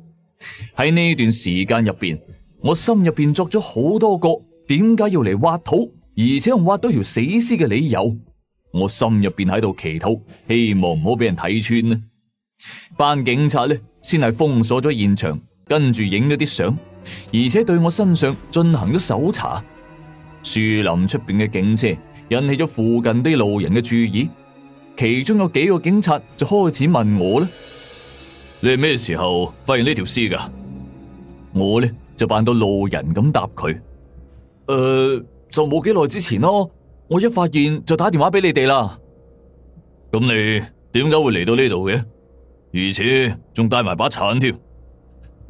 喺呢段時間入邊，我心入邊作咗好多個點解要嚟挖土，而且又挖到條死屍嘅理由。我心入邊喺度祈禱，希望唔好俾人睇穿。呢班警察呢，先係封鎖咗現場，跟住影咗啲相，而且對我身上進行咗搜查。樹林出邊嘅警車引起咗附近啲路人嘅注意，其中有幾個警察就開始問我啦。你係咩時候發現呢條屍噶我咧就扮到路人咁答佢。誒、呃，就冇幾耐之前咯。我一發現就打電話俾你哋啦。咁你點解會嚟到呢度嘅？而且仲帶埋把鏟添。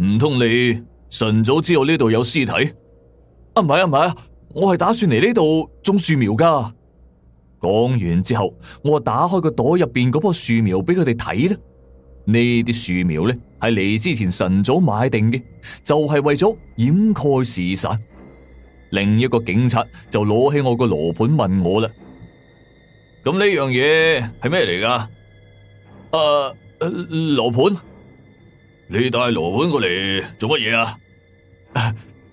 唔通你晨早知道呢度有屍體？啊唔係啊唔係啊，我係打算嚟呢度種樹苗噶。講完之後，我打開個袋入邊嗰棵樹苗俾佢哋睇啦。樹呢啲樹苗咧，係嚟之前晨早買定嘅，就係、是、為咗掩蓋事實。另一個警察就攞起我個羅盤問我啦。咁呢樣嘢係咩嚟噶？誒、啊，羅盤。你帶羅盤過嚟做乜嘢啊？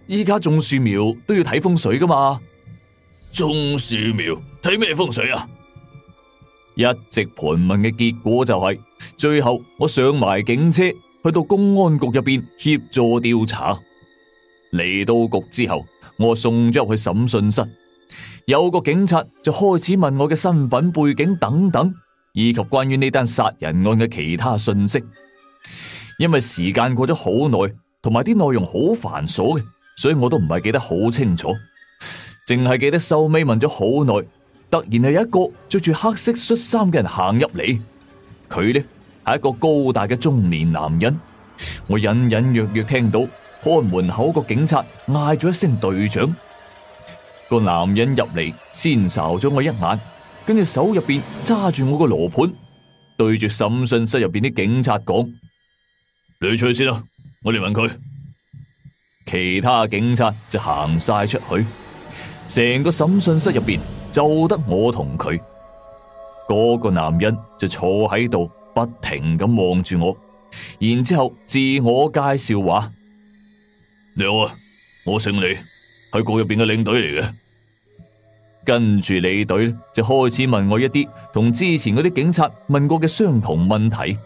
依家種樹苗都要睇風水噶嘛？種樹苗睇咩風水啊？一直盤問嘅結果就係、是。最後，我上埋警車去到公安局入邊協助調查。嚟到局之後，我送咗入去審訊室，有個警察就開始問我嘅身份背景等等，以及關於呢單殺人案嘅其他訊息。因為時間過咗好耐，同埋啲內容好繁瑣嘅，所以我都唔係記得好清楚，淨係記得收尾問咗好耐，突然有一個着住黑色恤衫嘅人行入嚟。佢呢係一個高大嘅中年男人，我隱隱約約聽到看門口個警察嗌咗一聲隊長，個男人入嚟先睄咗我一眼，跟住手入邊揸住我個羅盤，對住審訊室入邊啲警察講：你出去先啦，我嚟問佢。其他警察就行晒出去，成個審訊室入邊就得我同佢。嗰個男人就坐喺度，不停咁望住我，然之後自我介紹話：你好啊，我姓李，喺個入邊嘅領隊嚟嘅。跟住李隊就開始問我一啲同之前嗰啲警察問過嘅相同問題，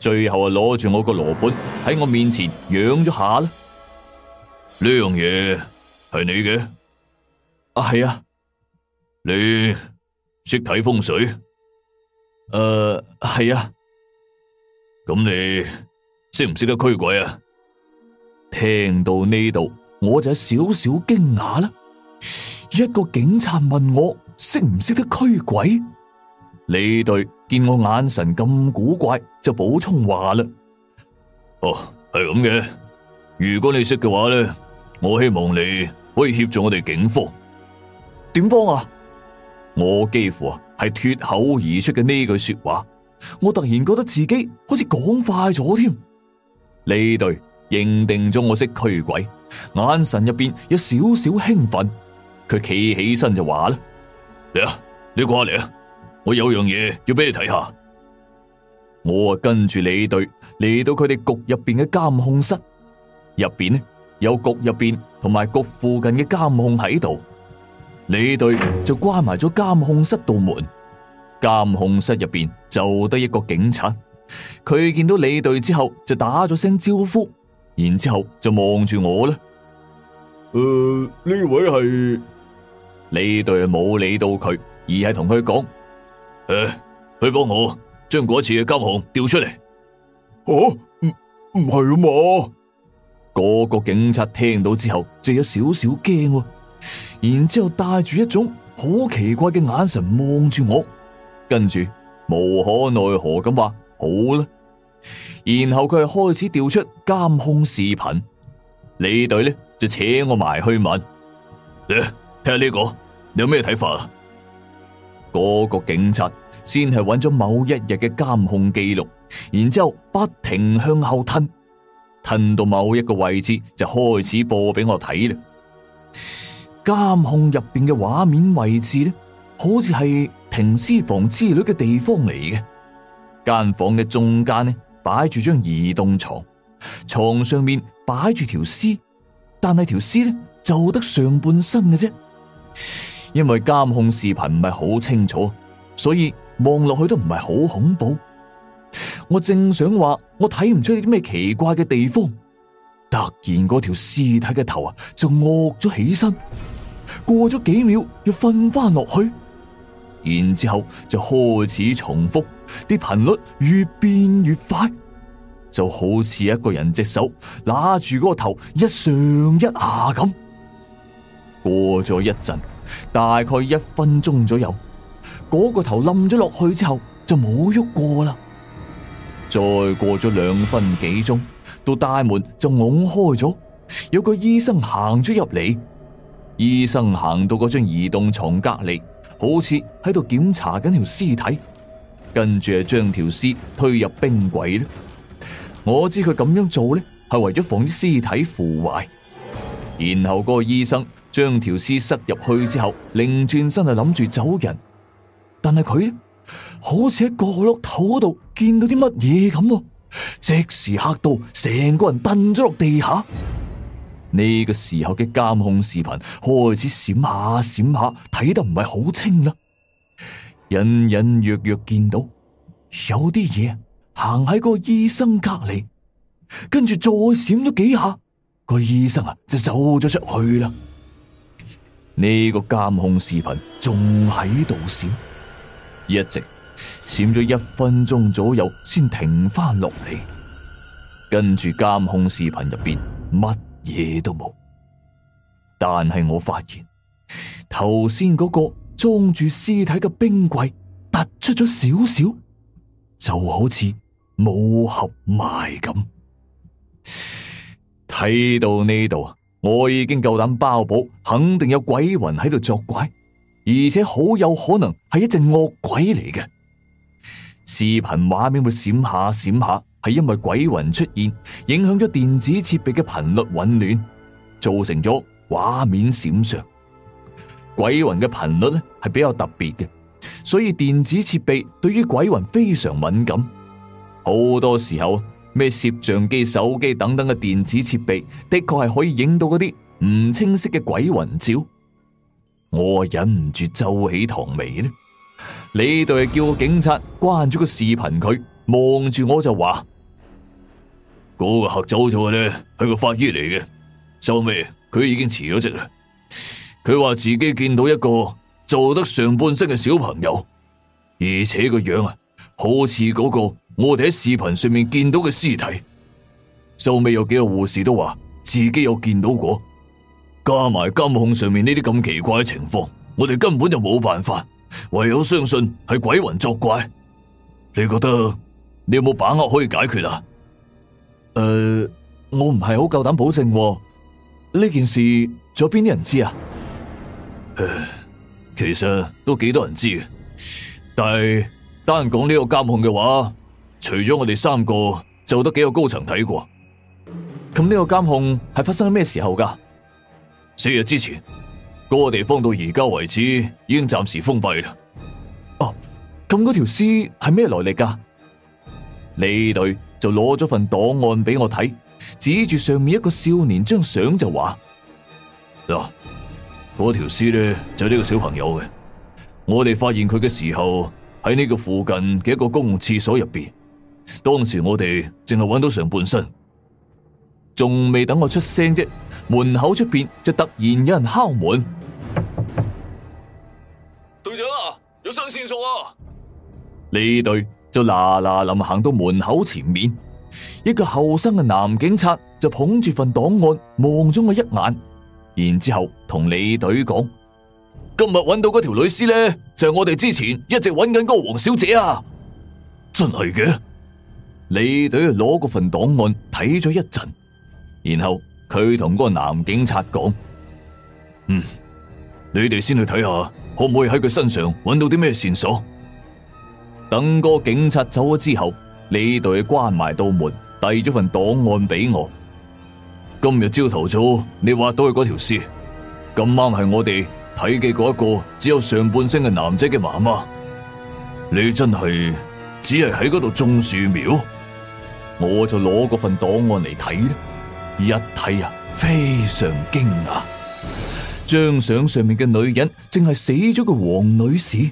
最後啊，攞住我個羅盤喺我面前揚咗下啦。呢樣嘢係你嘅？啊，係啊。你識睇風水？誒，係、uh，啊！咁你識唔識得驅鬼啊？聽到呢度，我就有少少驚訝啦。一個警察問我識唔識得驅鬼，你隊見我眼神咁古怪，就補充話啦：哦，係咁嘅。如果你識嘅話咧，我希望你可以協助我哋警方。點幫啊？我幾乎啊。係脫口而出嘅呢句說話，我突然覺得自己好似講快咗添。呢隊認定咗我識驅鬼，眼神入邊有少少興奮，佢企起身就話啦：嚟啊，你過嚟啊，我有樣嘢要俾你睇下。我啊跟住呢隊嚟到佢哋局入邊嘅監控室，入邊呢有局入邊同埋局附近嘅監控喺度。李隊就關埋咗監控室道門，監控室入邊就得一個警察。佢見到李隊之後就打咗聲招呼，然之後就望住我咧。誒、呃，呢位係，李隊冇理到佢，而係同佢講：誒、呃，佢幫我將嗰次嘅監控調出嚟。哦、啊，唔唔係啊嘛？嗰個警察聽到之後就有少少驚。然之後帶住一種好奇怪嘅眼神望住我，跟住無可奈何咁話好啦，然後佢係開始調出監控視頻，你隊咧就扯我埋去問，誒，睇下呢個你有咩睇法啊？嗰個警察先係揾咗某一日嘅監控記錄，然之後不停向後吞，吞到某一個位置就開始播俾我睇啦。監控入邊嘅畫面位置咧，好似係停屍房之類嘅地方嚟嘅。間房嘅中間呢，擺住張移動床，床上面擺住條屍，但係條屍呢就得上半身嘅啫。因為監控視頻唔係好清楚，所以望落去都唔係好恐怖。我正想話我睇唔出有啲咩奇怪嘅地方，突然嗰條屍體嘅頭啊就惡咗起身。過咗幾秒，又瞓翻落去，然之後就開始重複，啲頻率越變越快，就好似一個人隻手拿住嗰個頭一上一下咁。過咗一陣，大概一分鐘左右，嗰個頭冧咗落去之後就冇喐過啦。再過咗兩分幾鐘，到大門就拱開咗，有個醫生行咗入嚟。醫生行到嗰張移動床隔籬，好似喺度檢查緊條屍體，跟住啊將條屍推入冰櫃咧。我知佢咁樣做咧係為咗防止屍體腐壞。然後個醫生將條屍塞入去之後，擰轉身啊諗住走人，但係佢咧好似喺角落頭嗰度見到啲乜嘢咁，即時嚇到成個人蹲咗落地下。呢個時候嘅監控視頻開始閃下閃下，睇得唔係好清啦，隱隱約約見到有啲嘢行喺個醫生隔籬，跟住再閃咗幾下，個醫生啊就走咗出去啦。呢、這個監控視頻仲喺度閃，一直閃咗一分鐘左右，先停翻落嚟，跟住監控視頻入邊乜？嘢都冇，但係我發現頭先嗰個裝住屍體嘅冰櫃突出咗少少，就好似冇合埋咁。睇到呢度我已經夠膽包保，保，肯定有鬼魂喺度作怪，而且好有可能係一隻惡鬼嚟嘅。視頻畫面會閃下閃下。係因為鬼魂出現，影響咗電子設備嘅頻率紊亂，造成咗畫面閃爍。鬼魂嘅頻率咧係比較特別嘅，所以電子設備對於鬼魂非常敏感。好多時候咩攝像機、手機等等嘅電子設備，的確係可以影到嗰啲唔清晰嘅鬼魂照。我忍唔住皺起堂眉呢，你度係叫個警察關咗個視頻，佢望住我就話。嗰個嚇走咗嘅咧係個法醫嚟嘅，收尾佢已經辭咗職啦。佢話自己見到一個做得上半身嘅小朋友，而且個樣啊好似嗰個我哋喺視頻上面見到嘅屍體。收尾有幾個護士都話自己有見到過，加埋監控上面呢啲咁奇怪嘅情況，我哋根本就冇辦法，唯有相信係鬼魂作怪。你覺得，你有冇把握可以解決啊？誒，uh, 我唔係好夠膽保證呢件事，仲有邊啲人知啊？其實都幾多人知嘅，但係單講呢個監控嘅話，除咗我哋三個，就得幾個高層睇過。咁呢個監控係發生喺咩時候噶？四日之前，嗰個地方到而家為止已經暫時封閉啦。哦，咁嗰條屍係咩來歷噶？呢隊就攞咗份檔案俾我睇，指住上面一個少年張相就話：嗱，oh，嗰條屍咧就呢、是、個小朋友嘅。我哋發現佢嘅時候喺呢個附近嘅一個公共廁所入邊，當時我哋淨係揾到上半身，仲未等我出聲啫，門口出邊就突然有人敲門。隊長啊，有新線索啊！呢隊。就嗱嗱臨行到門口前面，一個後生嘅男警察就捧住份檔案望咗我一眼，然之後同李隊講：今日揾到嗰條女屍咧，就係我哋之前一直揾緊個黃小姐啊！真係嘅，李隊攞嗰份檔案睇咗一陣，然後佢同個男警察講：嗯，你哋先去睇下，可唔可以喺佢身上揾到啲咩線索？等個警察走咗之後，呢度係關埋道門，遞咗份檔案俾我。今日朝頭早你，你挖到佢嗰條屍，咁啱係我哋睇嘅嗰一個只有上半身嘅男仔嘅媽媽。你真係只係喺嗰度種樹苗，我就攞嗰份檔案嚟睇。一睇啊，非常驚訝，張相上面嘅女人正係死咗個黃女士。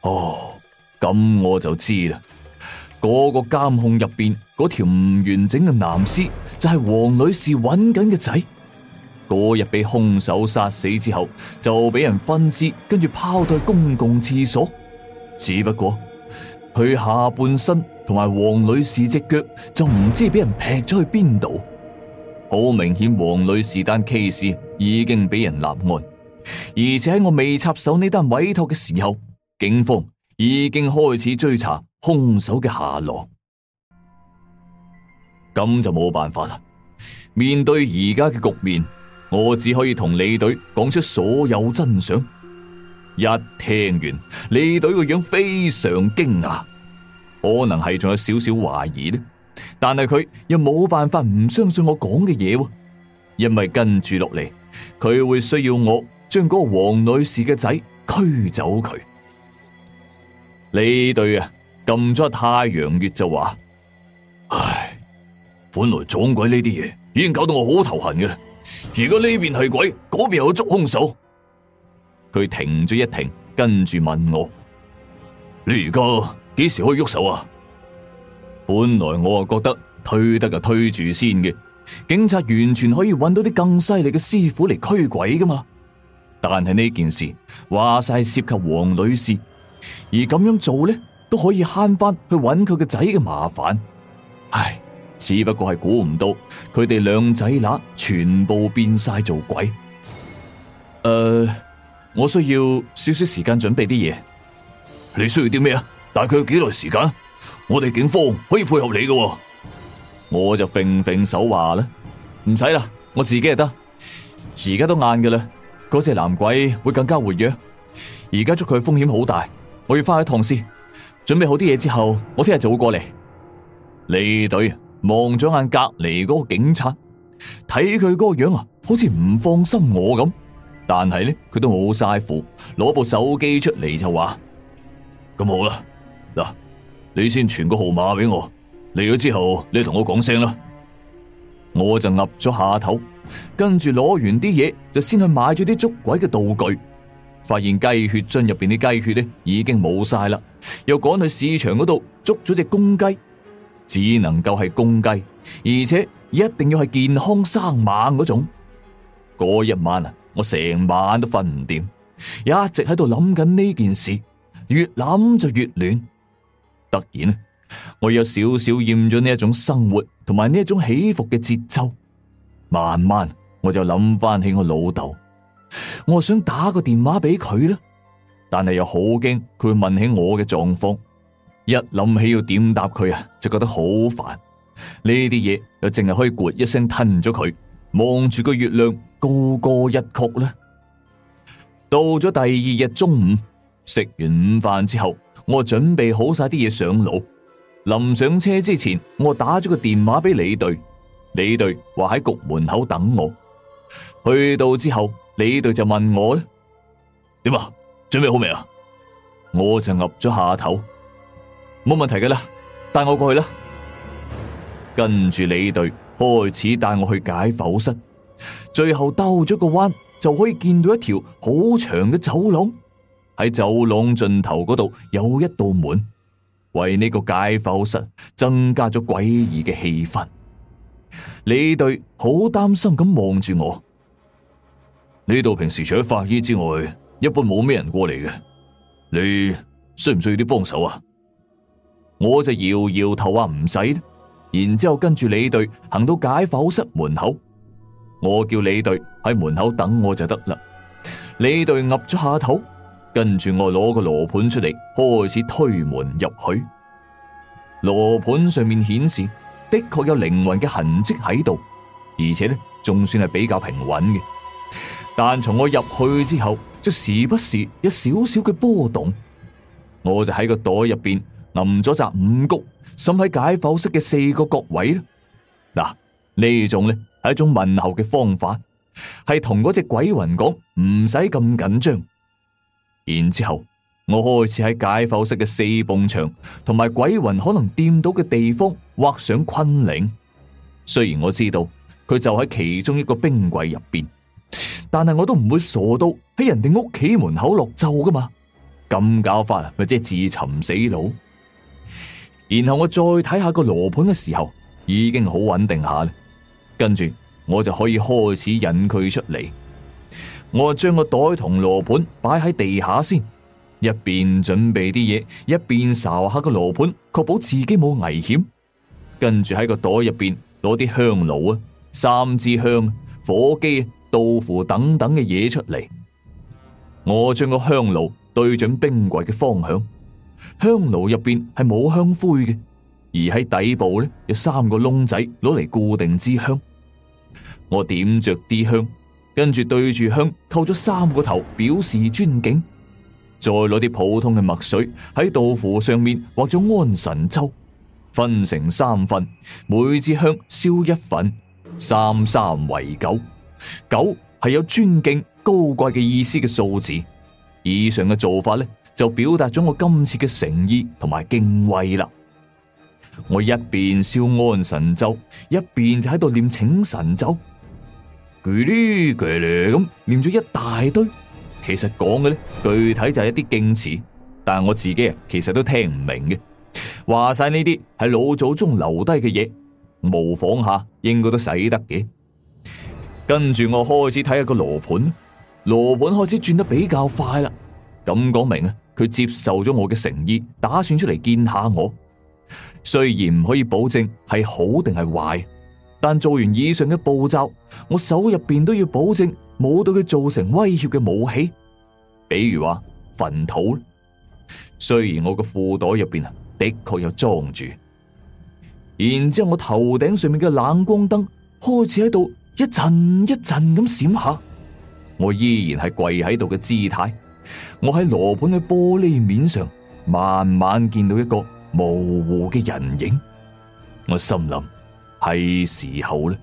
哦。咁我就知啦，嗰、那個監控入邊嗰條唔完整嘅男屍就係、是、黃女士揾緊嘅仔。嗰日被兇手殺死之後，就俾人分屍，跟住拋到公共廁所。只不過佢下半身同埋黃女士隻腳就唔知俾人劈咗去邊度。好明顯，黃女士單 case 已經俾人立案，而且喺我未插手呢單委託嘅時候，警方已經開始追查凶手嘅下落，咁就冇辦法啦。面對而家嘅局面，我只可以同李隊講出所有真相。一聽完，李隊個樣非常驚訝，可能係仲有少少懷疑呢。但係佢又冇辦法唔相信我講嘅嘢，因為跟住落嚟，佢會需要我將嗰個黃女士嘅仔驅走佢。呢對啊，撳咗太陽穴就話，唉，本來撞鬼呢啲嘢已經搞到我好頭痕嘅。如果呢邊係鬼，嗰邊又有捉凶手。佢停咗一停，跟住問我：你而家幾時可以喐手啊？本來我啊覺得推得就推住先嘅，警察完全可以揾到啲更犀利嘅師傅嚟驅鬼噶嘛。但係呢件事話晒涉及黃女士。而咁樣做咧，都可以慳翻去揾佢個仔嘅麻煩。唉，只不過係估唔到佢哋兩仔乸全部變晒做鬼。誒、呃，我需要少少時間準備啲嘢。你需要啲咩啊？大概要幾耐時間？我哋警方可以配合你嘅。我就揈揈手話啦，唔使啦，我自己就得。而家都晏㗎喇，嗰隻男鬼會更加活躍。而家捉佢風險好大。我要翻去趟先，準備好啲嘢之後，我聽日就會過嚟。李隊望咗眼隔籬嗰個警察，睇佢嗰個樣啊，好似唔放心我咁。但係咧，佢都冇晒符，攞部手機出嚟就話：咁、嗯、好啦，嗱，你先傳個號碼俾我，嚟咗之後，你同我講聲啦。我就岌咗下頭，跟住攞完啲嘢，就先去買咗啲捉鬼嘅道具。發現雞血樽入邊啲雞血咧已經冇晒啦，又趕去市場嗰度捉咗隻公雞，只能夠係公雞，而且一定要係健康生猛嗰種。嗰一晚啊，我成晚都瞓唔掂，一直喺度諗緊呢件事，越諗就越亂。突然啊，我有少少厭咗呢一種生活同埋呢一種起伏嘅節奏，慢慢我就諗翻起我老豆。我想打個電話俾佢啦，但係又好驚佢問起我嘅狀況。一諗起要點答佢啊，就覺得好煩。呢啲嘢又淨係可以咕一聲吞咗佢，望住個月亮高歌一曲啦。到咗第二日中午，食完午飯之後，我準備好晒啲嘢上路。臨上車之前，我打咗個電話俾李隊，李隊話喺局門口等我。去到之後。你李隊就問我咧，點啊？準備好未啊？我就岌咗下頭，冇問題㗎啦，帶我過去啦。跟住李隊開始帶我去解剖室，最後兜咗個彎就可以見到一條好長嘅走廊。喺走廊盡頭嗰度有一道門，為呢個解剖室增加咗詭異嘅氣氛。李隊好擔心咁望住我。呢度平時除咗法醫之外，一般冇咩人過嚟嘅。你需唔需要啲幫手啊？我就搖搖頭話唔使，然之後跟住李隊行到解剖室門口，我叫李隊喺門口等我就得啦。李隊岌咗下頭，跟住我攞個羅盤出嚟，開始推門入去。羅盤上面顯示，的確有靈魂嘅痕跡喺度，而且咧，仲算係比較平穩嘅。但從我入去之後，就時不時有少少嘅波動。我就喺個袋入邊揞咗紮五穀，滲喺解剖室嘅四個角位。嗱，呢種咧係一種問候嘅方法，係同嗰隻鬼魂講唔使咁緊張。然之後，我開始喺解剖室嘅四埲牆同埋鬼魂可能掂到嘅地方畫上昆嶺。雖然我知道佢就喺其中一個冰櫃入邊。但係我都唔會傻到喺人哋屋企門口落咒噶嘛，咁搞法咪即係自尋死路。然後我再睇下個羅盤嘅時候，已經好穩定下啦。跟住我就可以開始引佢出嚟。我將個袋同羅盤擺喺地下先，一邊準備啲嘢，一邊查下個羅盤，確保自己冇危險。跟住喺個袋入邊攞啲香爐啊，三支香、火機。豆腐等等嘅嘢出嚟，我將個香爐對準冰櫃嘅方向，香爐入邊係冇香灰嘅，而喺底部呢，有三個窿仔，攞嚟固定支香。我點着啲香，跟住對住香叩咗三個頭表示尊敬，再攞啲普通嘅墨水喺豆腐上面畫咗安神咒，分成三份，每支香燒一份，三三為九。九係有尊敬高貴嘅意思嘅數字，以上嘅做法咧就表達咗我今次嘅誠意同埋敬畏啦。我一邊燒安神咒，一邊就喺度念請神咒，佢呢佢呢咁念咗一大堆，其實講嘅咧具體就係一啲敬詞，但係我自己啊其實都聽唔明嘅。話晒呢啲係老祖宗留低嘅嘢，模仿下應該都使得嘅。跟住我開始睇下個羅盤，羅盤開始轉得比較快啦。咁講明啊，佢接受咗我嘅誠意，打算出嚟見下我。雖然唔可以保證係好定係壞，但做完以上嘅步驟，我手入邊都要保證冇對佢造成威脅嘅武器，比如話墳土。雖然我嘅褲袋入邊啊，的確有裝住。然之後我頭頂上面嘅冷光燈開始喺度。一陣一陣咁閃下，我依然係跪喺度嘅姿態。我喺羅盤嘅玻璃面上，慢慢見到一個模糊嘅人影。我心諗係時候咧，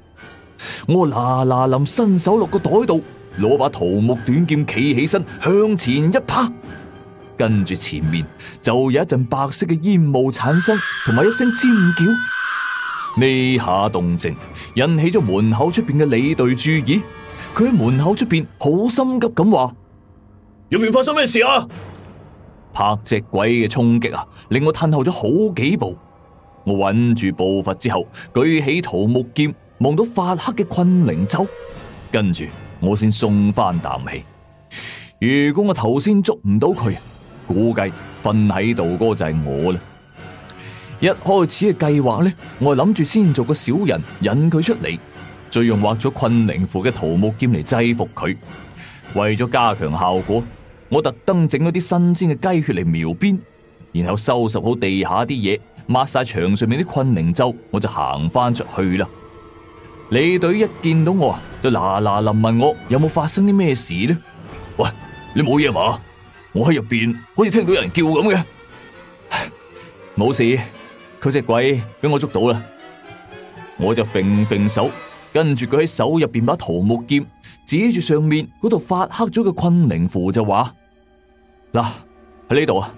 我嗱嗱臨伸手落個袋度，攞把桃木短劍，企起身向前一拍。跟住前面就有一陣白色嘅煙霧產生，同埋一聲尖叫。呢下動靜引起咗門口出邊嘅李隊注意，佢喺門口出邊好心急咁話：有冇發生咩事啊？拍隻鬼嘅衝擊啊，令我退後咗好幾步。我穩住步伐之後，舉起桃木劍望到發黑嘅困靈舟，跟住我先鬆翻啖氣。如果我頭先捉唔到佢，估計瞓喺度嗰個就係我啦。一開始嘅計劃咧，我係諗住先做個小人引佢出嚟，再用畫咗困靈符嘅桃木劍嚟制服佢。為咗加強效果，我特登整咗啲新鮮嘅雞血嚟描邊，然後收拾好地下啲嘢，抹晒牆上面啲困靈咒，我就行翻出去啦。你隊一見到我啊，就嗱嗱臨問我有冇發生啲咩事呢？喂，你冇嘢嘛？我喺入邊好似聽到有人叫咁嘅。冇事。佢隻鬼俾我捉到啦，我就揈揈手，跟住佢喺手入邊把桃木劍指住上面嗰度發黑咗嘅困靈符就話：嗱喺呢度啊！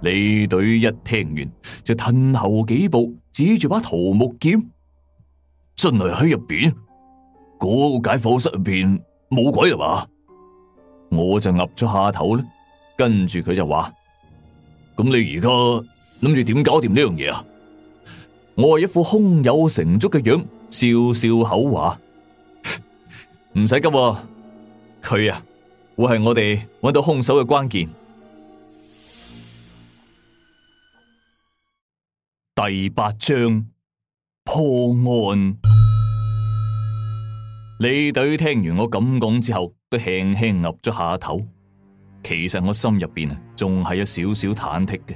李隊 一聽完就退後幾步，指住把桃木劍：真係喺入邊嗰個解剖室入邊冇鬼係嘛？ 我就岌咗下頭啦，跟住佢就話：咁你而家？諗住點搞掂呢樣嘢啊！我係一副胸有成竹嘅樣，笑笑口話：唔 使急，佢啊會係我哋揾到兇手嘅關鍵。 第八章破案。李隊 聽完我咁講之後，都輕輕岌咗下頭。其實我心入邊啊，仲係有少少忐忑嘅。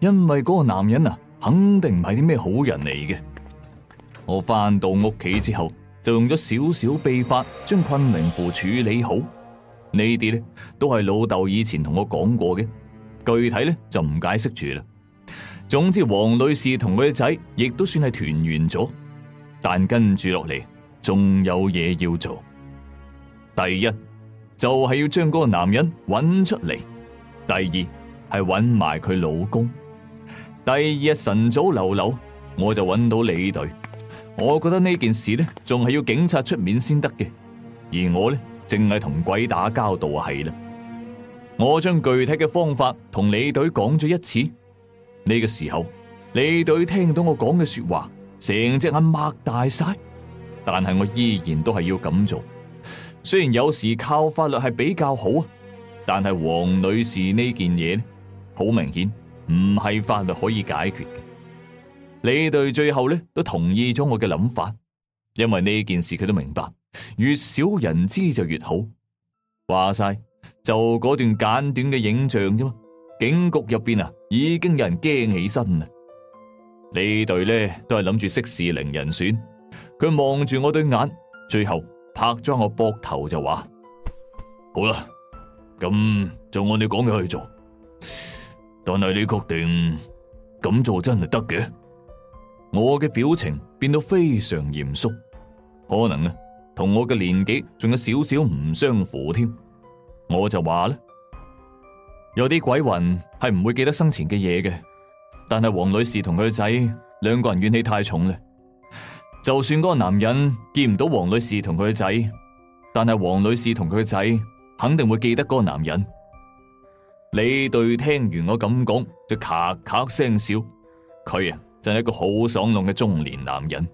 因為嗰個男人啊，肯定唔係啲咩好人嚟嘅。我返到屋企之後，就用咗少少秘法將困靈符處理好。呢啲咧都係老豆以前同我講過嘅，具體咧就唔解釋住啦。總之，黃女士同佢嘅仔亦都算係團圓咗，但跟住落嚟仲有嘢要做。第一就係、是、要將嗰個男人揾出嚟，第二係揾埋佢老公。第二日晨早流流，我就揾到李隊。我覺得呢件事呢，仲係要警察出面先得嘅。而我呢，淨係同鬼打交道係啦。我將具體嘅方法同李隊講咗一次。呢個時候，李隊聽到我講嘅說話，成隻眼擘大晒。但係我依然都係要咁做。雖然有時靠法律係比較好啊，但係黃女士呢件嘢呢，好明顯。唔係法律可以解決嘅，李隊最後咧都同意咗我嘅諗法，因為呢件事佢都明白，越少人知就越好。話晒就嗰段簡短嘅影像啫嘛，警局入邊啊已經有人驚起身啦。李隊咧都係諗住息事寧人選，佢望住我對眼，最後拍咗我膊頭就話：好啦，咁就按你講嘅去做。但係你確定咁做真係得嘅？我嘅表情變到非常嚴肅，可能啊，同我嘅年紀仲有少少唔相符添。我就話啦，有啲鬼魂係唔會記得生前嘅嘢嘅，但係黃女士同佢仔兩個人怨氣太重啦。就算嗰個男人見唔到黃女士同佢嘅仔，但係黃女士同佢嘅仔肯定會記得嗰個男人。你對聽完我咁講，就咔咔聲笑。佢啊，就係一個好爽朗嘅中年男人。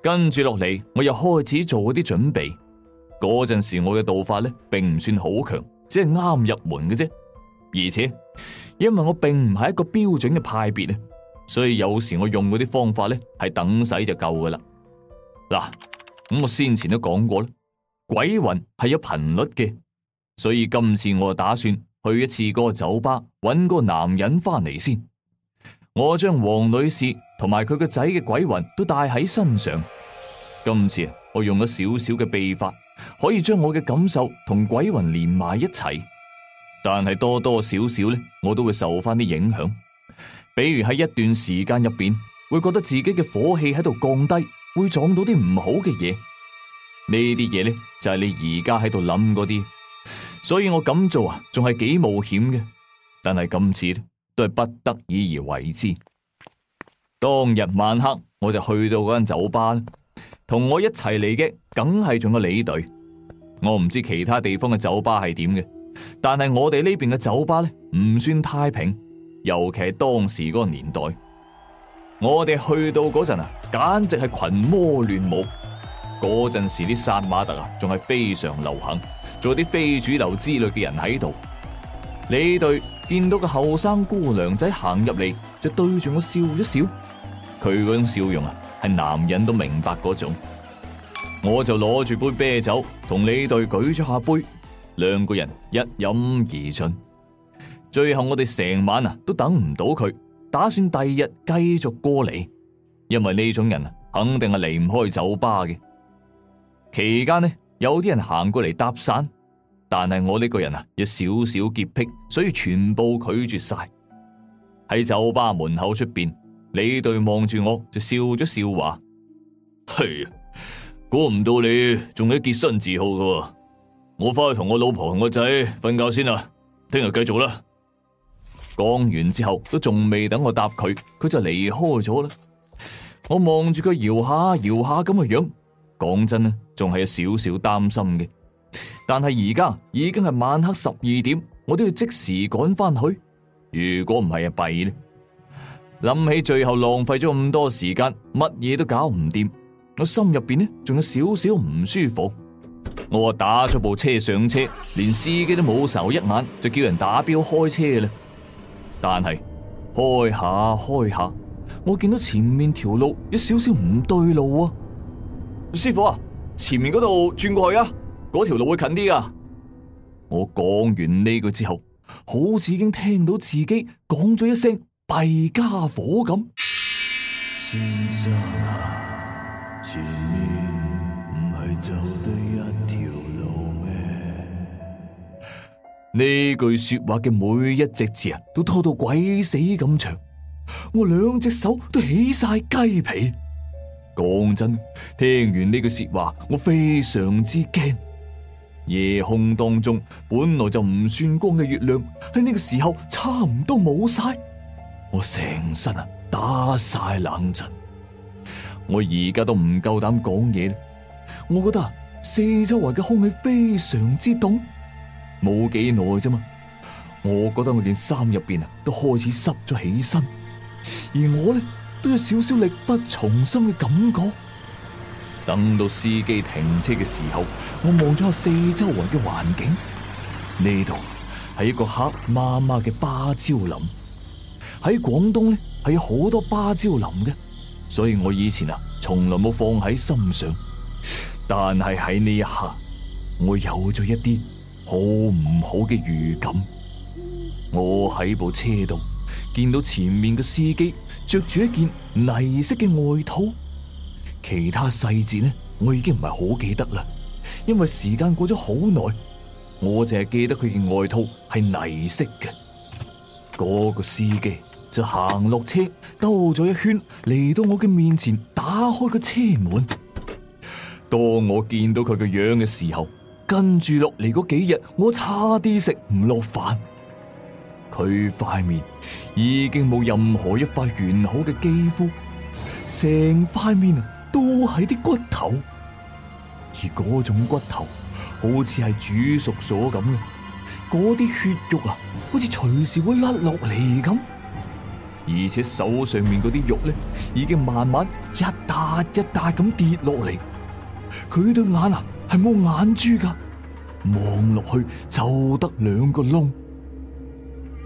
跟住落嚟，我又開始做啲準備。嗰陣時，我嘅道法咧，並唔算好強，只係啱入門嘅啫。而且，因為我並唔係一個標準嘅派別咧，所以有時我用嗰啲方法咧，係等使就夠噶啦。嗱，咁我先前都講過啦，鬼魂係有頻率嘅，所以今次我就打算。去一次個酒吧，搵個男人翻嚟先。我將黃女士同埋佢個仔嘅鬼魂都帶喺身上。今次我用咗少少嘅秘法，可以將我嘅感受同鬼魂連埋一齊。但係多多少少咧，我都會受翻啲影響。比如喺一段時間入邊，會覺得自己嘅火氣喺度降低，會撞到啲唔好嘅嘢。呢啲嘢咧，就係你而家喺度諗嗰啲。所以我咁做啊，仲係幾冒險嘅。但係今次咧，都係不得已而為之。當日晚黑，我就去到嗰間酒吧，同我一齊嚟嘅，梗係仲有你隊。我唔知其他地方嘅酒吧係點嘅，但係我哋呢邊嘅酒吧咧，唔算太平，尤其係當時嗰個年代。我哋去到嗰陣啊，簡直係群魔亂舞。嗰陣時啲殺馬特啊，仲係非常流行。做啲非主流之類嘅人喺度，李隊見到個後生姑娘仔行入嚟，就對住我笑一笑。佢嗰種笑容啊，係男人都明白嗰種。我就攞住杯啤酒同李隊舉咗下杯，兩個人一飲而盡。最後我哋成晚啊都等唔到佢，打算第二日繼續過嚟，因為呢種人啊肯定係離唔開酒吧嘅。期間呢，有啲人行過嚟搭訕，但係我呢個人啊有少少潔癖，所以全部拒絕晒。喺酒吧門口出邊，李隊望住我就笑咗笑，話：係估唔到你仲係潔身自好噶。我翻去同我老婆同個仔瞓覺先啦，聽日繼續啦。講完之後都仲未等我答佢，佢就離開咗啦。我望住佢搖下搖下咁嘅樣。講真咧，仲係有少少擔心嘅。但係而家已經係晚黑十二點，我都要即時趕翻去。如果唔係啊，弊呢？諗起最後浪費咗咁多時間，乜嘢都搞唔掂，我心入邊呢，仲有少少唔舒服。我啊打咗部車上車，連司機都冇睄一眼就叫人打表開車啦。但係開下開下，我見到前面條路有少少唔對路啊！師傅啊，前面嗰度轉過去啊，嗰條路會近啲啊！我講完呢句之後，好似已經聽到自己講咗一聲弊家伙咁。先生啊，前面唔係就對一條路咩？呢句說話嘅每一隻字啊，都拖到鬼死咁長，我兩隻手都起晒雞皮。講真，聽完呢句說話，我非常之驚。夜空當中本來就唔算光嘅月亮，喺呢個時候差唔多冇晒。我成身啊打晒冷震，我而家都唔夠膽講嘢。我覺得啊，四周圍嘅空氣非常之凍，冇幾耐啫嘛。我覺得我件衫入邊啊都開始濕咗起身，而我咧。都有少少力不從心嘅感覺。等到司機停車嘅時候，我望咗下四周圍嘅環境，呢度係一個黑麻麻嘅芭蕉林。喺廣東呢，係有好多芭蕉林嘅，所以我以前啊，從來冇放喺心上。但係喺呢一刻，我有咗一啲好唔好嘅預感。我喺部車度見到前面嘅司機。着住一件泥色嘅外套，其他細節呢，我已經唔係好記得啦，因為時間過咗好耐，我淨係記得佢嘅外套係泥色嘅。嗰個司機就行落車，兜咗一圈嚟到我嘅面前，打開個車門。當我見到佢嘅樣嘅時候，跟住落嚟嗰幾日，我差啲食唔落飯。佢塊面已經冇任何一塊完好嘅肌膚，成塊面啊都係啲骨頭，而種骨頭好似係煮熟咗咁嘅，啲血肉啊好似隨時會甩落嚟咁，而且手上面啲肉咧已經慢慢一笪一笪咁跌落嚟，佢對眼啊係冇眼珠噶，望落去就得兩個窿。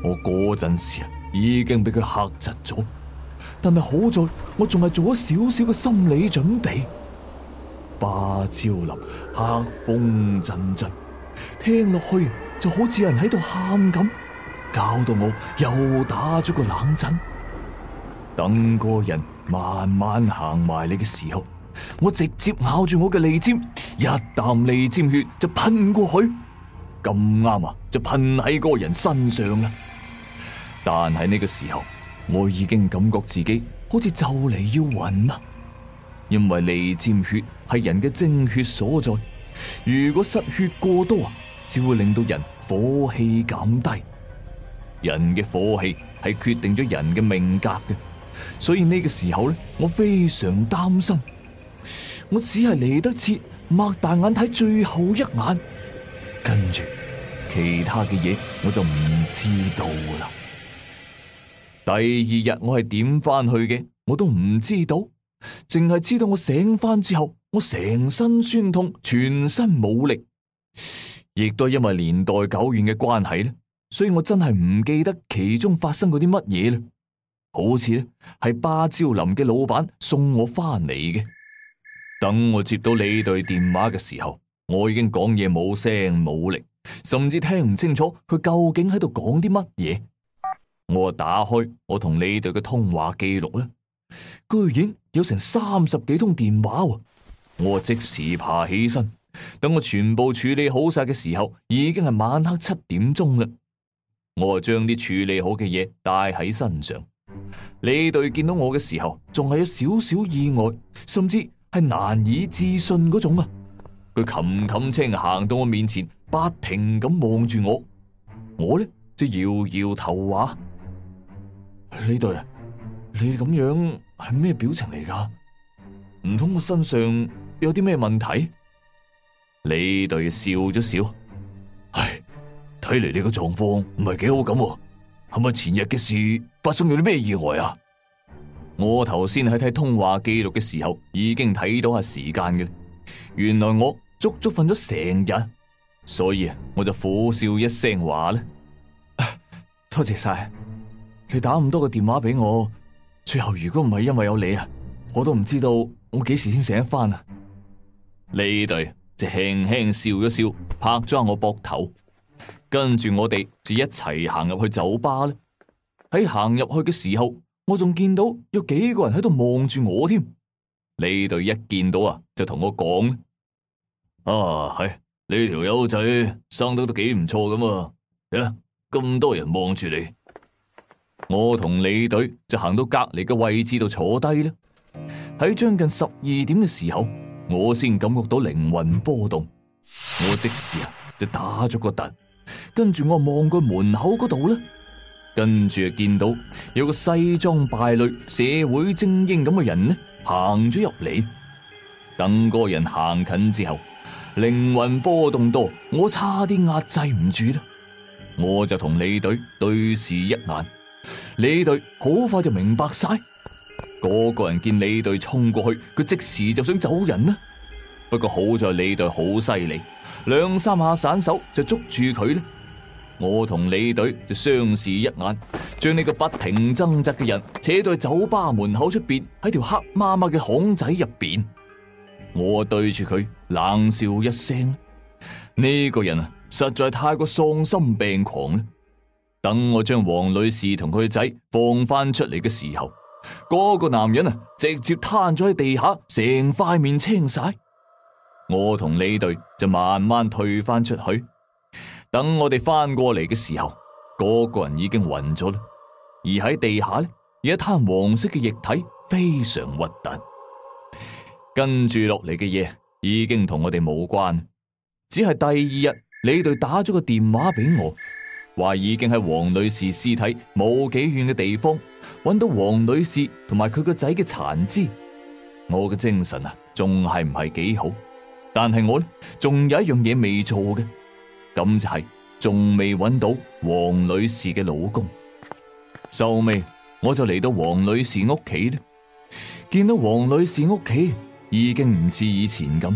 我嗰陣時啊，已經俾佢嚇窒咗，但係好在我仲係做咗少少嘅心理準備。芭蕉林，黑風陣陣，聽落去就好似有人喺度喊咁，搞到我又打咗個冷震。等個人慢慢行埋嚟嘅時候，我直接咬住我嘅脷尖，一啖脷尖血就噴過去，咁啱啊，就噴喺個人身上啦。但喺呢個時候，我已經感覺自己好似就嚟要暈啦。因為利尖血係人嘅精血所在，如果失血過多啊，只會令到人火氣減低。人嘅火氣係決定咗人嘅命格嘅，所以呢個時候咧，我非常擔心。我只係嚟得切，擘大眼睇最後一眼，跟住其他嘅嘢我就唔知道啦。第二日我係點翻去嘅，我都唔知道，淨係知道我醒翻之後，我成身酸痛，全身冇力，亦都係因為年代久遠嘅關係咧，所以我真係唔記得其中發生過啲乜嘢啦。好似咧係芭蕉林嘅老闆送我翻嚟嘅。等我接到你對電話嘅時候，我已經講嘢冇聲冇力，甚至聽唔清楚佢究竟喺度講啲乜嘢。我打開，我同呢隊嘅通話記錄咧，居然有成三十幾通電話。我即時爬起身，等我全部處理好晒嘅時候，已經係晚黑七點鐘啦。我將啲處理好嘅嘢帶喺身上。呢隊見到我嘅時候，仲係有少少意外，甚至係難以置信嗰種啊！佢冚冚清行到我面前，不停咁望住我，我呢就搖搖頭話。呢對，你咁樣係咩表情嚟噶唔通我身上有啲咩問題？呢對笑咗笑，唉，睇嚟你個狀況唔係幾好咁，係咪前日嘅事發生咗啲咩意外啊？我頭先喺睇通話記錄嘅時候，已經睇到下時間嘅，原來我足足瞓咗成日，所以啊，我就苦笑一聲話咧，啊，多謝晒。佢打咁多個電話俾我，最後如果唔係因為有你啊，我都唔知道我幾時先醒得翻！啊！呢隊就輕輕笑一笑，拍咗下我膊頭，跟住我哋就一齊行入去酒吧啦。喺行入去嘅時候，我仲見到有幾個人喺度望住我添。呢隊一見到啊，就同我講：啊，係呢條友仔生得都幾唔錯噶嘛，咁多人望住你。我同李隊就行到隔籬嘅位置度坐低啦。喺將近十二點嘅時候，我先感覺到靈魂波動。我即時啊就打咗個突，跟住我望個門口嗰度咧，跟住啊見到有個西裝敗類、社會精英咁嘅人呢行咗入嚟。等個人行近之後，靈魂波動多，我差啲壓制唔住啦。我就同李隊對視一眼。李隊好快就明白晒，嗰個人見李隊衝過去，佢即時就想走人啦。不過好在李隊好犀利，兩三下散手就捉住佢咧。我同李隊就相視一眼，將呢個不停掙扎嘅人扯到酒吧門口出邊，喺條黑麻麻嘅巷仔入邊。我對住佢冷笑一聲，呢個人啊實在太過喪心病狂啦等我將黃女士同佢仔放翻出嚟嘅時候，嗰個男人啊，直接攤咗喺地下，成塊面青晒。我同李隊就慢慢退翻出去。等我哋翻過嚟嘅時候，嗰個人已經暈咗啦，而喺地下呢，有一攤黃色嘅液體，非常核突。跟住落嚟嘅嘢已經同我哋冇關，只係第二日李隊打咗個電話俾我。話已經喺黃女士屍體冇幾遠嘅地方，揾到黃女士同埋佢個仔嘅殘肢。我嘅精神啊，仲係唔係幾好？但係我呢，仲有一樣嘢未做嘅，咁就係仲未揾到黃女士嘅老公。收尾，我就嚟到黃女士屋企咧，見到黃女士屋企已經唔似以前咁，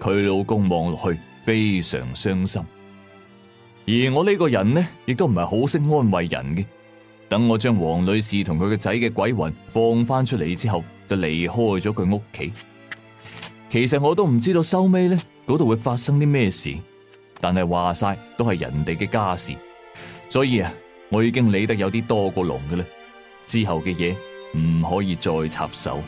佢老公望落去非常傷心。而我呢個人呢，亦都唔係好識安慰人嘅。等我將黃女士同佢個仔嘅鬼魂放翻出嚟之後，就離開咗佢屋企。其實我都唔知道收尾呢嗰度會發生啲咩事，但係話晒都係人哋嘅家事，所以啊，我已經理得有啲多過龍嘅啦。之後嘅嘢唔可以再插手。